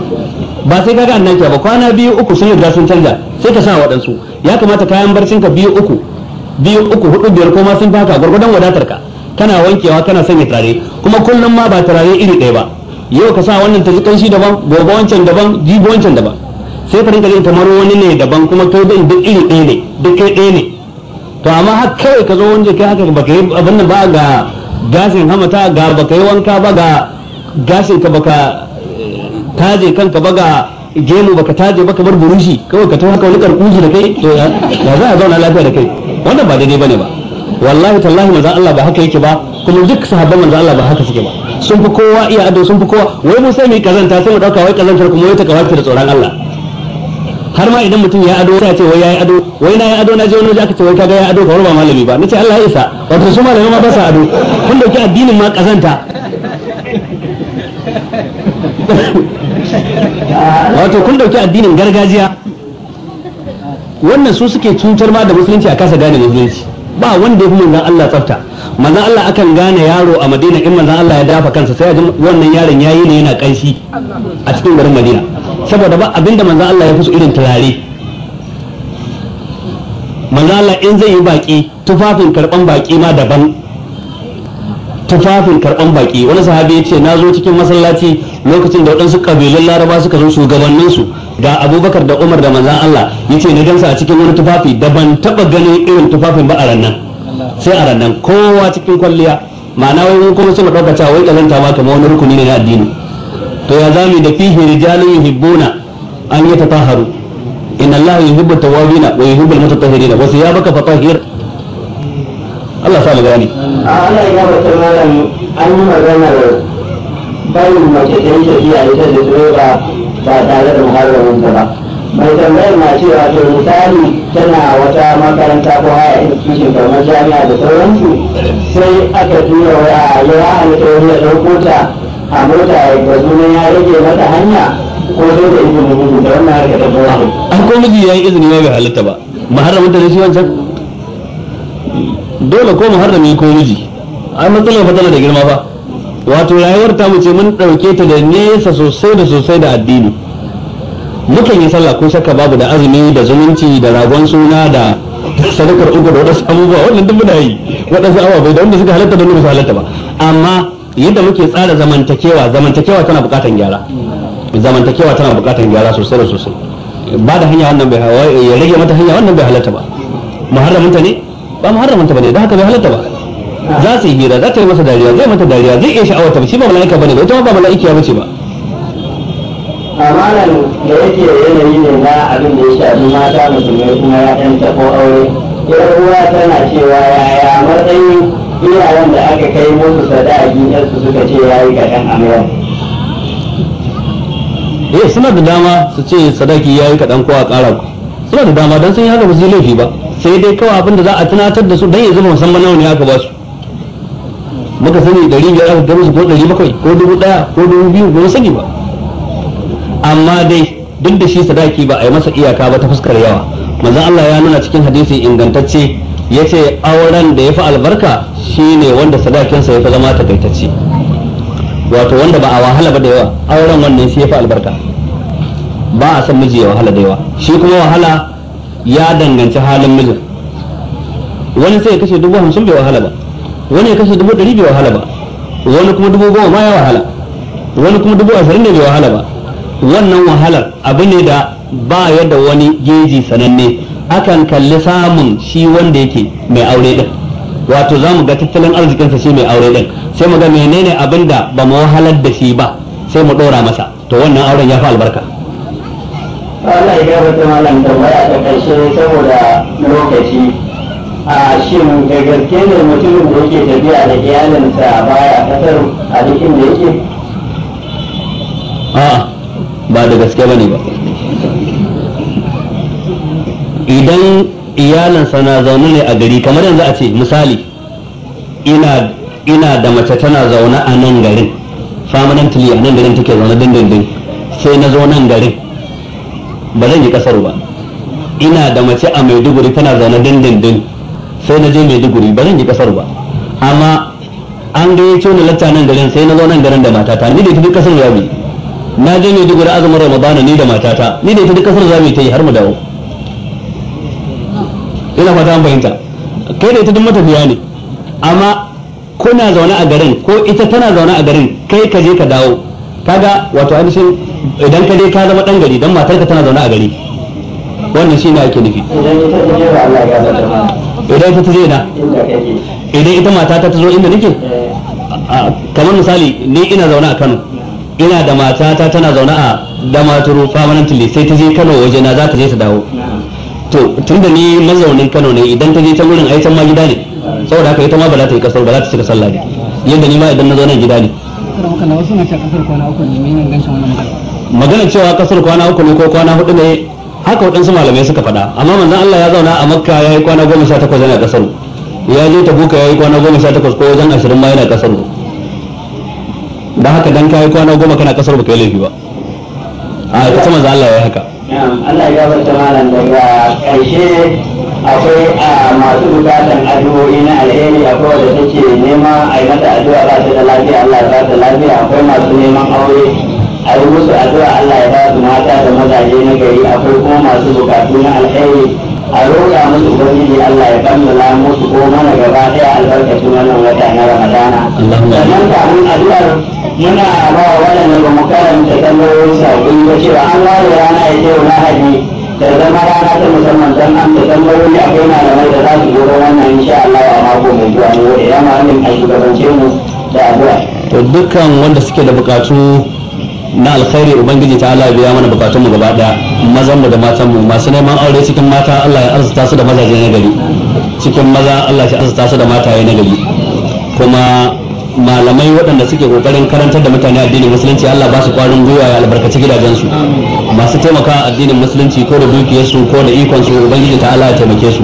ba sai kaga annakiya ba kwana biyu uku sun riga sun canza sai ka sa waɗansu ya kamata kayan barcin ka biyu uku biyu uku hudu biyar ko ma sun faka gwargwadon wadatar ka kana wankewa kana sanya turare kuma kullum ma ba turare iri ɗaya ba yau ka sa wannan ta ji kanshi daban gobe wancan daban jibi wancan daban sai ka rinka jin kamar wani ne daban kuma kai din duk iri ɗaya ne duk kai ɗaya ne to amma har kai ka zo wanda kai haka baka yi abin ba ga gashin hamata ga baka yi wanka ba ga gashin ka taje kanka baga gemu baka taje baka bar burushi kawai ka tafi haka wani karkuji da kai to ya za a zauna lafiya da kai wannan ba daidai bane ba wallahi tallahi manzo Allah ba haka yake ba kuma duk sahabban manzo Allah ba haka suke ba sun fi kowa iya ado sun fi kowa wai mun sai mai kazanta sai mu dauka wai kazantar kuma wai ta kawata da tsoron Allah har ma idan mutum ya ado sai ce wai yayi ado wai na yayi ado na je wani waje aka ce wai kaga ya ado kawar ba malami ba nace Allah ya isa wato su malami ma ba sa ado kun dauki addinin ma kazanta wato kun dauki addinin gargajiya wannan su suke cutar ma da musulunci a kasa gane musulunci ba wanda ya fi manzan Allah tsafta manzan Allah akan gane yaro a Madina in manzan Allah ya dafa kansa sai ji wannan yaron yayi ne yana kanshi a cikin garin Madina saboda ba abinda manzan Allah ya fi su irin turare manzan Allah in zai yi baki tufafin karban baki ma daban tufafin karban baki wani sahabi ya ce na zo cikin masallaci lokacin da waɗansu ƙabilun laraba suka zo shugabanninsu da abubakar da umar da manzan allah ya ce na gansa a cikin wani tufafi da ban taɓa ganin irin tufafin ba a rannan sai a rannan kowa cikin kwalliya ma'ana wai mun kuma suna ɗauka cewa wai ƙazanta ma kamar wani rukuni ne na addini to ya zami da fihi rijalun yuhibbuna an yi taharu inna allah yuhibbu tawabina wa yuhibbu al-mutatahhirina wa thiyabaka fatahhir Allah sa mu gani Allah ya bata malam an yi da barin mace ta yi tafiya ita da direba ba ba tare da ta ba mai tambayar na cewa to misali tana wata makaranta ko haya institution kamar jami'a da sauransu sai aka tura waya a yawa a mata wani ya ɗauko ta a mota ga sunan ya rage mata hanya ko sai da izinin miji da wannan harka ta zuwa an ko miji ya yi izini ma bai halitta. ba ta da shi wancan dole ko muharrami ko miji ai matsalar fatala da girma ba? wato rayuwar ta mu ce mun ɗauke ta da nesa sosai da sosai da addini mukan yi sallah ko shakka babu da azumi da zumunci da ragon suna da sadakar uku da waɗansu abubuwa wannan duk muna yi waɗansu ababai da wanda suka halatta da wanda su halatta ba amma yadda muke tsara zamantakewa zamantakewa tana buƙatan gyara zamantakewa tana buƙatan gyara sosai da sosai ba da hanya wannan bai ya rage mata hanya wannan bai halatta ba muharramanta ne ba muharramanta ba ne da haka bai halatta ba za su yi hira za ta yi masa dariya zai mata dariya zai iya sha'awar ta shi ba mala'ika bane ba ita ba mala'ikiya bace ba amanan da yake yanayi ne na abin da ya shafi mata musulmai kuma ya ɗan ko aure yar uwa tana cewa yaya matsayin iyayen da aka kai musu sadaki su suka ce ya yi kaɗan amayar eh suna da dama su ce sadaki ya yi kaɗan ko a ƙara ku suna da dama don sun yi haka ba su yi laifi ba sai dai kawai abin da za a tunatar da su don ya zama musamman nawa ne aka ba su muka sani ɗari biyar aka gama ko ɗari bakwai ko dubu ɗaya ko dubu biyu ba sani ba amma dai duk da shi sadaki ba a yi masa iyaka ba ta fuskar yawa manzon Allah ya nuna cikin hadisi ingantacce ya ce auren da ya fi albarka shine wanda sadakinsa ya fi zama takaitacce wato wanda ba a wahala ba da yawa auren wannan shi ya fi albarka ba a san miji ya wahala da yawa shi kuma wahala ya danganci halin mijin wani sai ya kashe dubu hamsin bai wahala ba wani ya kashe dubu ɗari bai wahala ba wani kuma dubu goma ma ya wahala wani kuma dubu ashirin ne bai wahala ba wannan wahalar abu ne da ba yadda da wani geji sananne akan kalli samun shi wanda yake mai aure din wato za mu ga tattalin arzikinsa shi mai aure din sai mu ga menene abin da ba mu wahalar da shi ba sai mu ɗora masa to wannan auren ya fi albarka Allah ya gabata malam tambaya da ƙarshe saboda lokaci a shin da gaske ne mutumin da yake tafiya da iyalinsa baya kasar a da yake a ba da gaske ba ne ba idan iyalinsa na zaune ne a gari kamar yanzu a ce misali ina ina da mace tana zaune a nan garin permanently a nan garin take zaune dindindin sai na zo nan garin ba zan yi kasar ba ina da mace a maiduguri tana zaune dindindin sai na je maiduguri ba zan yi kasar ba amma an gayyace ni lacca nan garin sai na zo nan garin da matata ni da ita duk kasar zamu na je maiduguri azumin ramadana ni da matata ni da ita duk kasar mu ta yi har mu dawo ina fata an fahimta kai da ita duk matafiya ne amma kuna zaune a garin ko ita tana zaune a garin kai ka je ka dawo kaga wato ainihin idan ka je ka zama dan gari dan matarka tana zaune a gari wannan shi ne ake nufi idan ita ta na idan ita mata ta zo inda nake kamar misali ni ina zaune a Kano ina da ta tana zaune a damaturu permanently sai ta je Kano waje na za ta je ta dawo to tunda ni mazaunin Kano ne idan ta je ta gurin ai ma gida ne saboda haka ita ma ba za ta yi kasar ba za ta cika sallah ne yadda ni ma idan na zo nan gida ne magana cewa kasar kwana uku ne ko kwana hudu ne haka waɗansu malamai suka faɗa amma manzon Allah ya zauna a makka ya yi kwana goma sha takwas yana ƙasar ya je tabuka ya yi kwana goma sha takwas ko wajen ashirin ma yana ƙasar da haka dan ka yi kwana goma kana ƙasar baka yi laifi ba a ita manzon Allah ya yi haka Allah ya bata malam daga ƙarshe akwai a masu bukatan addu'o'i na alheri akwai wadda take nema a yi mata addu'a ba ta da lafiya Allah ya ba ta lafiya akwai masu neman aure a yi musu addu'a Allah ya ba su mata da mazaje na gari akwai kuma masu bukatu na alheri a roƙa musu ubangiji Allah ya kammala musu ko mana gaba ɗaya albarkacin wannan wata na Ramadana sannan mun addu'ar muna ba wa waɗanda ba mu karanta tambayoyin saƙon ba cewa an ware rana ya ce wa haji da zama rana ta musamman don an da tambayoyi akwai malamai da za su zo wannan insha Allah a mako mai zuwa ne wanda ya ma'amin a shugabance mu da addu'a. to dukkan wanda suke da buƙatu na alkhairi ubangiji ta Allah biya mana bukatun mu gaba daya mazan mu da matan mu masu neman aure cikin mata Allah ya arzuta su da mazaje na gari cikin maza Allah ya arzuta su da mataye na gari kuma malamai waɗanda suke kokarin karantar da mutane addinin musulunci Allah ba su kwarin gwiwa ya albarkaci gidajensu masu taimaka addinin musulunci ko da dukiyarsu ko da ikon su ubangiji ta Allah ya taimake su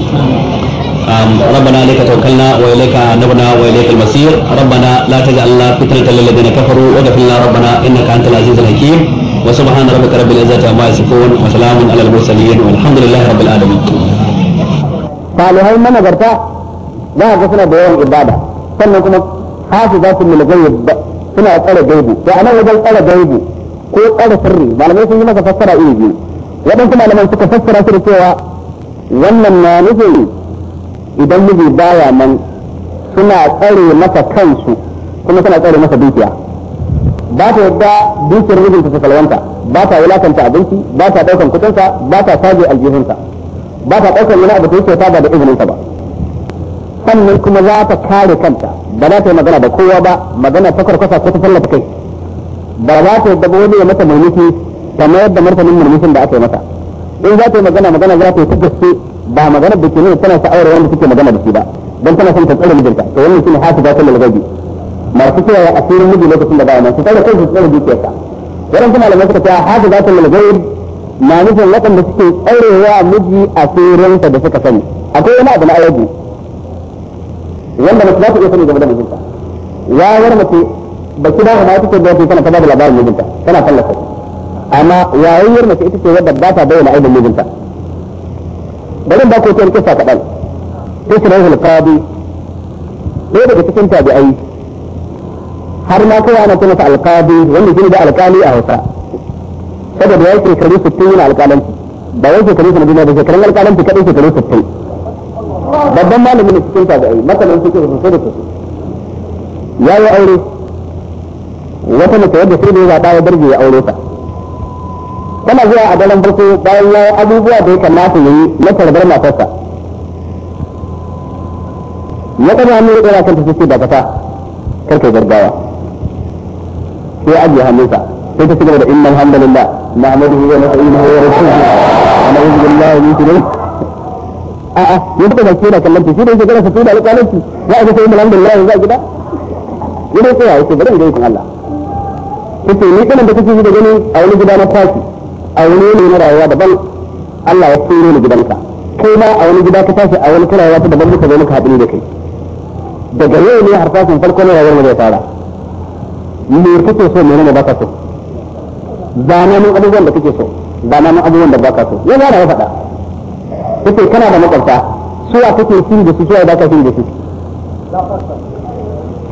ربنا لك توكلنا واليك نبنا واليك المصير ربنا لا تجعلنا فتنه للذين كفروا واغفر ربنا انك انت العزيز الحكيم وسبحان ربك رب العزه عما يصفون وسلام على المرسلين والحمد لله رب العالمين. قالوا هاي من نظرتا لا غفنا بيوم عباده سنكم حافظ ذات من الغيب سنة أسأل جيبي وأنا وجل أسأل جيبي كو أسأل سري ما لم يكن لماذا فسر إيجي وبنتم على من تكفسر سري سوى ومن ما نزل idan miji baya nan suna tsare masa kansu kuma suna tsare masa dukiya ba ta yadda dukiyar mijinta ta salwanta ba ta wulakanta abinci ba ta daukan kudinsa ba ta saje aljihunsa ba ta daukan wani abu da ta ba da izininsa ba sannan kuma za ta kare kanta ba za ta yi magana da kowa ba magana ta kwarkwasa ko ta sallata kai ba za ta yadda wani ya mata murmushi ta mayar da martanin murmushin da aka yi mata in za ta yi magana magana za ta yi ta gaske ba magana da ke nuna tana sha'awar wanda take magana da shi ba don tana son ta tsare mijinta to wannan shine hasiba kullal ghaibi masu kiyaye asirin miji lokacin da ba nan su tsare kansu su tsare dukiyarsa waɗansu malamai suka cewa hasiba kullal ghaibi na nufin waɗanda suke tsarewa miji asirinsa da suka sani akwai wani abu na ayyuka wanda mutum za ta iya sani game da mijinta yawar mace ba ki ba ma take da tana ba da labarin mijinta tana fallasa amma yayayyar mace ita ce wadda ba ta bayyana aibin mijinta bari ba ku ta kisa kaɗan ta shi rahul qadi ɗaya daga cikin tabi'ai har ma kowa na kuma alqadi wanda shi da alqali a Hausa saboda ya yi shekaru sittin yana alqalanci ba wai shekaru 60 ba shekarun alqalanci kadai shekaru sittin babban malamin cikin tabi'ai masalan suke rufe da sosai ya yi aure wata mace wadda sai da ya zaɓa ya darje ya aure ta tana zuwa a daren farko bayan ya abubuwa da ya kamata ya yi na tarbar matarsa ya ɗaga hannu ya kan ta suke da kasa karka gargawa sai ajiye hannunsa sai ta cigaba da inna alhamdulillah na amadu wa nasa'ihu wa rasuluhu wa na'udhu billahi min shururi a'a ya buga baki yana kallon ta shi da yake gara su da alƙalanci za a ga sai alhamdulillah yanzu a gida ya dai tsaya yake bari da ga Allah kace ni kana da kake yi da gani a wani gida na kwaki a wani ne na rayuwa daban Allah ya turo ni gidanka kai ma a wani gida ka tashi a wani kirawa ta daban muka zo muka haɗu da kai daga yau ne harfafin farko na rayuwar mu zai fara me kake so mene ne baka so zana mun abubuwan da kake so zana mun abubuwan da baka so ya zana ya faɗa kake kana da makwabta suwa kake shiri da su suwa baka shiri da su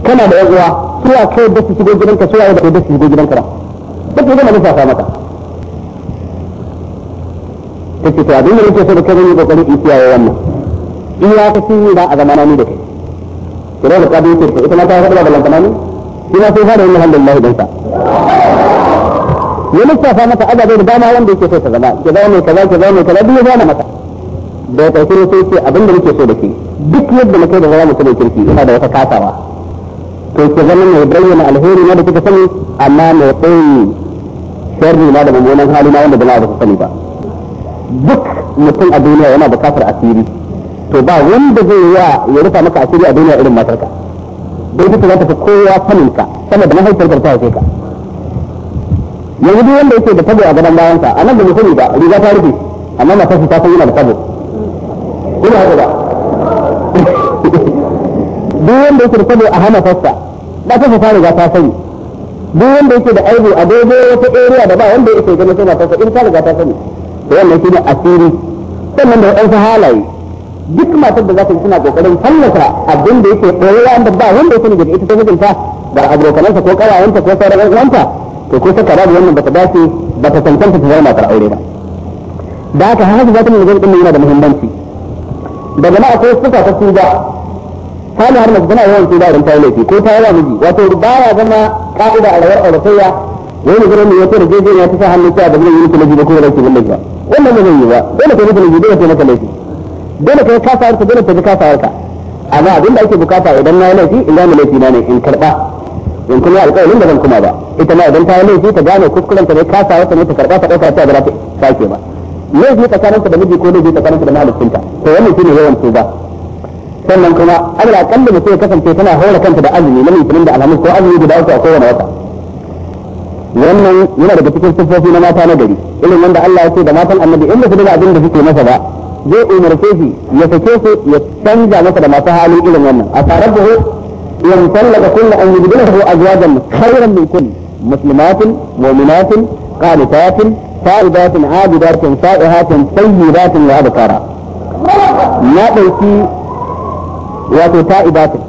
kana da yan uwa suwa kai da su shigo gidanka suwa da kai da su shigo gidanka ba kake da manufa maka take to abin da nake so da kai ne kokarin in kiyaye wannan in ya kace ni da a na ni da kai kira da ka kadu ce ita ma ta fada da lantana ne shi ma sai fara yin alhamdulillah dan sa ya lissafa mata azabai da dama wanda yake so ta zama ke zama mai kaza ke zama mai kaza duk ya zama mata da ya karshe sai ce abin da nake so da kai duk yadda na kai da zama mutum kirki ina da wata kasawa to ke zama mai bayyana alheri na da kika sani amma mai tsayi sharri na da mummunan hali na wanda jama'a ba su sani ba duk mutum a duniya yana bukatar asiri to ba wanda zai ya ya rufa maka asiri a duniya irin matarka dai duka za ta fi kowa sanin ka sama da mahaifiyar ta haife ka yanzu duk wanda yake da tabo a gaban bayansa a nan da mutum ba riga ta rufe amma matar ta san yana da tabo kuma haka ba duk wanda yake da tabo a hana fassa ba ta fasa riga ta sani duk wanda yake da aibu a daidai wata area da ba wanda yake ganin sai matarsa in ta riga ta sani to wannan shine asiri sannan da waɗansu halaye duk matar da za ta yi suna ƙoƙarin fallasa abin da yake ɗorewa da ba wanda ya sani daga ita ta mijinta da abokanansa ko ƙarawanta ko sauran ɗan'uwanta to ko ta babu wannan ta dace ta cancanta ta zama matar aure ba da haka haka za ta nuna ɗin yana da muhimmanci daga na akwai suka ta suga ta har mace tana yawan suga idan ta yi laifi ko ta yawa miji wato ya zama ka'ida a rayuwar auratayya wani gurin ne ya ce da jeje ya ta sa hannu cewa da zai yi miki laifi ba ko da zai yi miki laifi ba wannan ba zai yi ba dole ka rubuta laifi dole ka maka laifi dole ka kasa harka dole ka kasa harka amma abin da ake bukata idan na yi laifi in gane laifi na ne in karba in kuma alƙawarin da zan kuma ba ita ma idan ta yi laifi ta gane kuskuren ta ne kasa harka ne ta karba ta ɗauka ta ba ta sake ba laifi tsakaninta da miji ko laifi tsakaninta da mahalicinta to wannan ne yawan su ba. sannan kuma Allah kalli mutum ya kasance tana hora kanta da azumi na mutumin da alhamis ko azumi guda uku a kowane wata wannan yana daga cikin siffofi na mata na gari irin wanda Allah ya ce da matan annabi in su da abin da suke masa ba zai umarce shi ya sake su ya canza masa da masu hali irin wannan a tare da hu yan sallaka kullu an yubdilahu azwajan khayran min kulli muslimatin mu'minatin qanitatin sa'idatin abidatin sa'ihatin tayyibatin wa abkara na dauki wato sa'idatin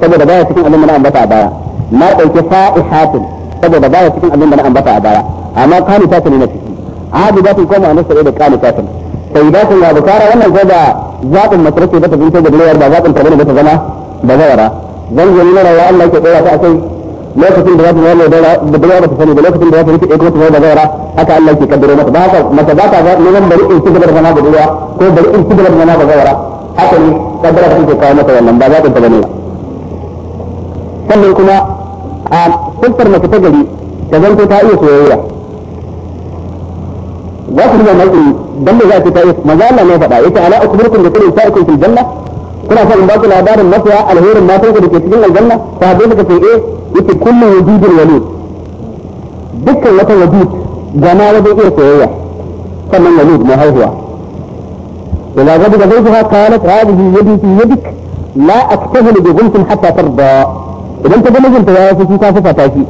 saboda baya cikin annabi na ambata a baya na dauki sa'ihatin saboda baya cikin abin da na ambata a baya amma kani ta ne na ciki abu za ku koma anasta da kani ta ne sai da kun abu bukara wannan ko da zaɓin masarauta da ta zinta da lawar ba zaɓin tabbata da ta zama da zawara zan gani nuna rawa Allah ke tsaya ta kai lokacin da za ta zama da da dawa ba ta sani da lokacin da za ta rike ɗaya kuma da zawara haka Allah ke kaddaro mata ba haka mata za ta neman bari in cigaba da zama da dawa ko bari in cigaba da zama da zawara haka ne kaddara ta ke kawo mata wannan ba zaɓin ta bane ba sannan kuma siffar mace ta gari ta zanto ta iya soyayya za ku riga mai dan da za ku ta iya maza Allah ne faɗa yake ala akbarukum da kullu sa'ikum fil janna kuna son in ba ku labarin mafiya alherin matan ku da ke cikin aljanna sahabbai suka ce eh yake kullu wujudin walid dukkan wata wujud gana wajen iya soyayya sannan walid mai haihuwa إذا غضب زوجها قالت هذه يدي في يدك لا أكتهل بغلف حتى ترضى idan ta ga mijinta ya yi fushi ta fuka ta shi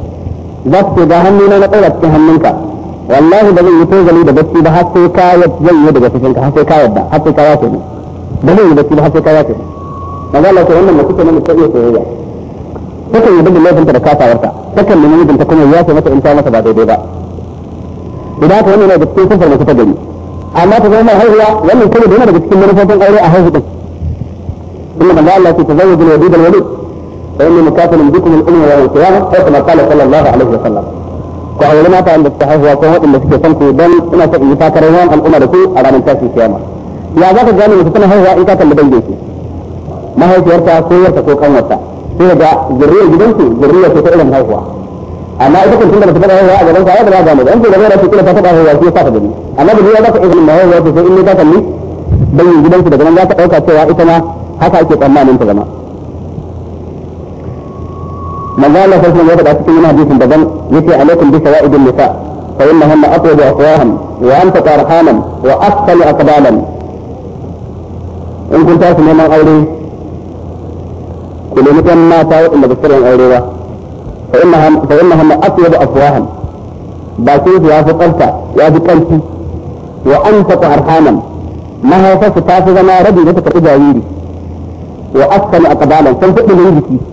za ta ce ga hannuna na ɗaura cikin hannunka wallahi ba zan yi tozali da bacci ba har sai ka zan yi daga fushinka har sai ka yadda har sai ka yafe ni ba zan yi bacci ba har sai ka yafe ni maza Allah ce wannan mace ce na mutum iya soyayya takan yi bugun laifinta da kasawarta takan nemi mijinta kuma ya ce mata in ta masa ba daidai ba idan ka wannan da cikin sufar mace ta gani amma ta zama haihuwa wannan kuma da yana daga cikin manufofin aure a haihu din kuma maza Allah ce ta zama bin فإني مكافل بكم الأمم يوم القيامة أو كما قال صلى الله عليه وسلم ku aure mata wanda suka haihuwa ko waɗanda suke son ku don ina son in yi takarar yawan al'umma da ku a ranar tashin kiyama ya za ka gane mace tana haihuwa in ka kalli dangin ki mahaifiyarta ko yarta ko kanwarta sai ga zuriyar gidanki zuriyar ce ta irin haihuwa amma ita kan tunda ba ta taɓa haihuwa a gaban ka ya ba gane ba in ce gaba da ta kila ta taɓa haihuwa sai ta gani amma da za ka izinin haihuwa ce sai in ne ta kalli dangin gidanki daga nan za ka ɗauka cewa ita ma haka ake tsammanin ta zama من قال فلسل يقول أتكي منها بيس بدل يتي عليكم بسوائد النساء فإنهم أطول أقواهم وأنفق أرحاما وأثقل أقبالا إن كنت أسمي ما قولي كل مكان ما تاوت إلا بسرهم أوليوا فإنهم, فإنهم أطول أقواهم باكيس يا فقلت يا فقلت وأنفق أرحاما ما هو فاسي تاسي ما ردي لتك إجاويري وأثقل أقبالا فنفق من يجيكي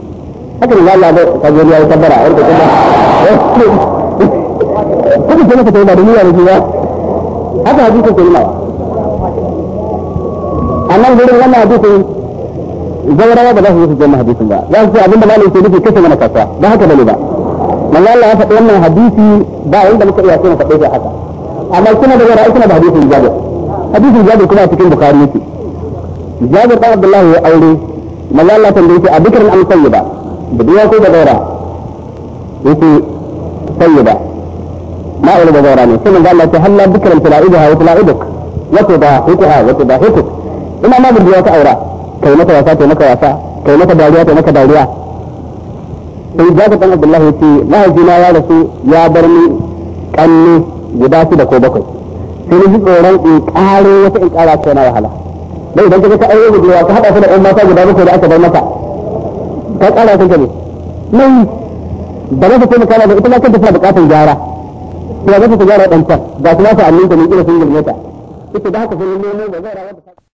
haka ne Allah ba ka gori yayi kabbara har ka kuma ko sai ka tayi ba duniya ne ba haka hadisi ke nawa annan gurin wannan hadisi gaurawa ba za su yi su hadisin ba za su ce abinda malam ke nufi kashe mana kasuwa ba haka bane ba manzo Allah ya faɗi wannan hadisi ba inda muka iya cewa faɗe haka amma kuna da gaurawa kuna da hadisin jabir hadisin jabir kuma cikin bukhari yake jabir dan abdullahi ya aure manzo Allah tambaye shi a dukkan an ba بدي أكو بغيرة يكي سيدة ما أقول a من ثم قال لك هلا بكرا تلاعبها وتلاعبك وتضاحكها وتضاحكك إما ما بدي أكو أورا كي متى وفاة متى وفاة كي متى داريات متى داريات sai jabir dan abdullahi yace mahaifina ya rasu ya bar ni kanni guda da ko bakwai sai ni ji tsoron in karo wata in ƙara ko na wahala dai idan kaga ka aure budurwa ka hada su da ɗan mata guda bakwai da aka bar maka ta ƙara kanta ne nan da ba za ta taimaka ba ita ma kanta tana buƙatar gyara to za ta gyara ɗan ta ga kuma ta aminta ne kila sun girme ita da haka sun yi nemo ba zai rawar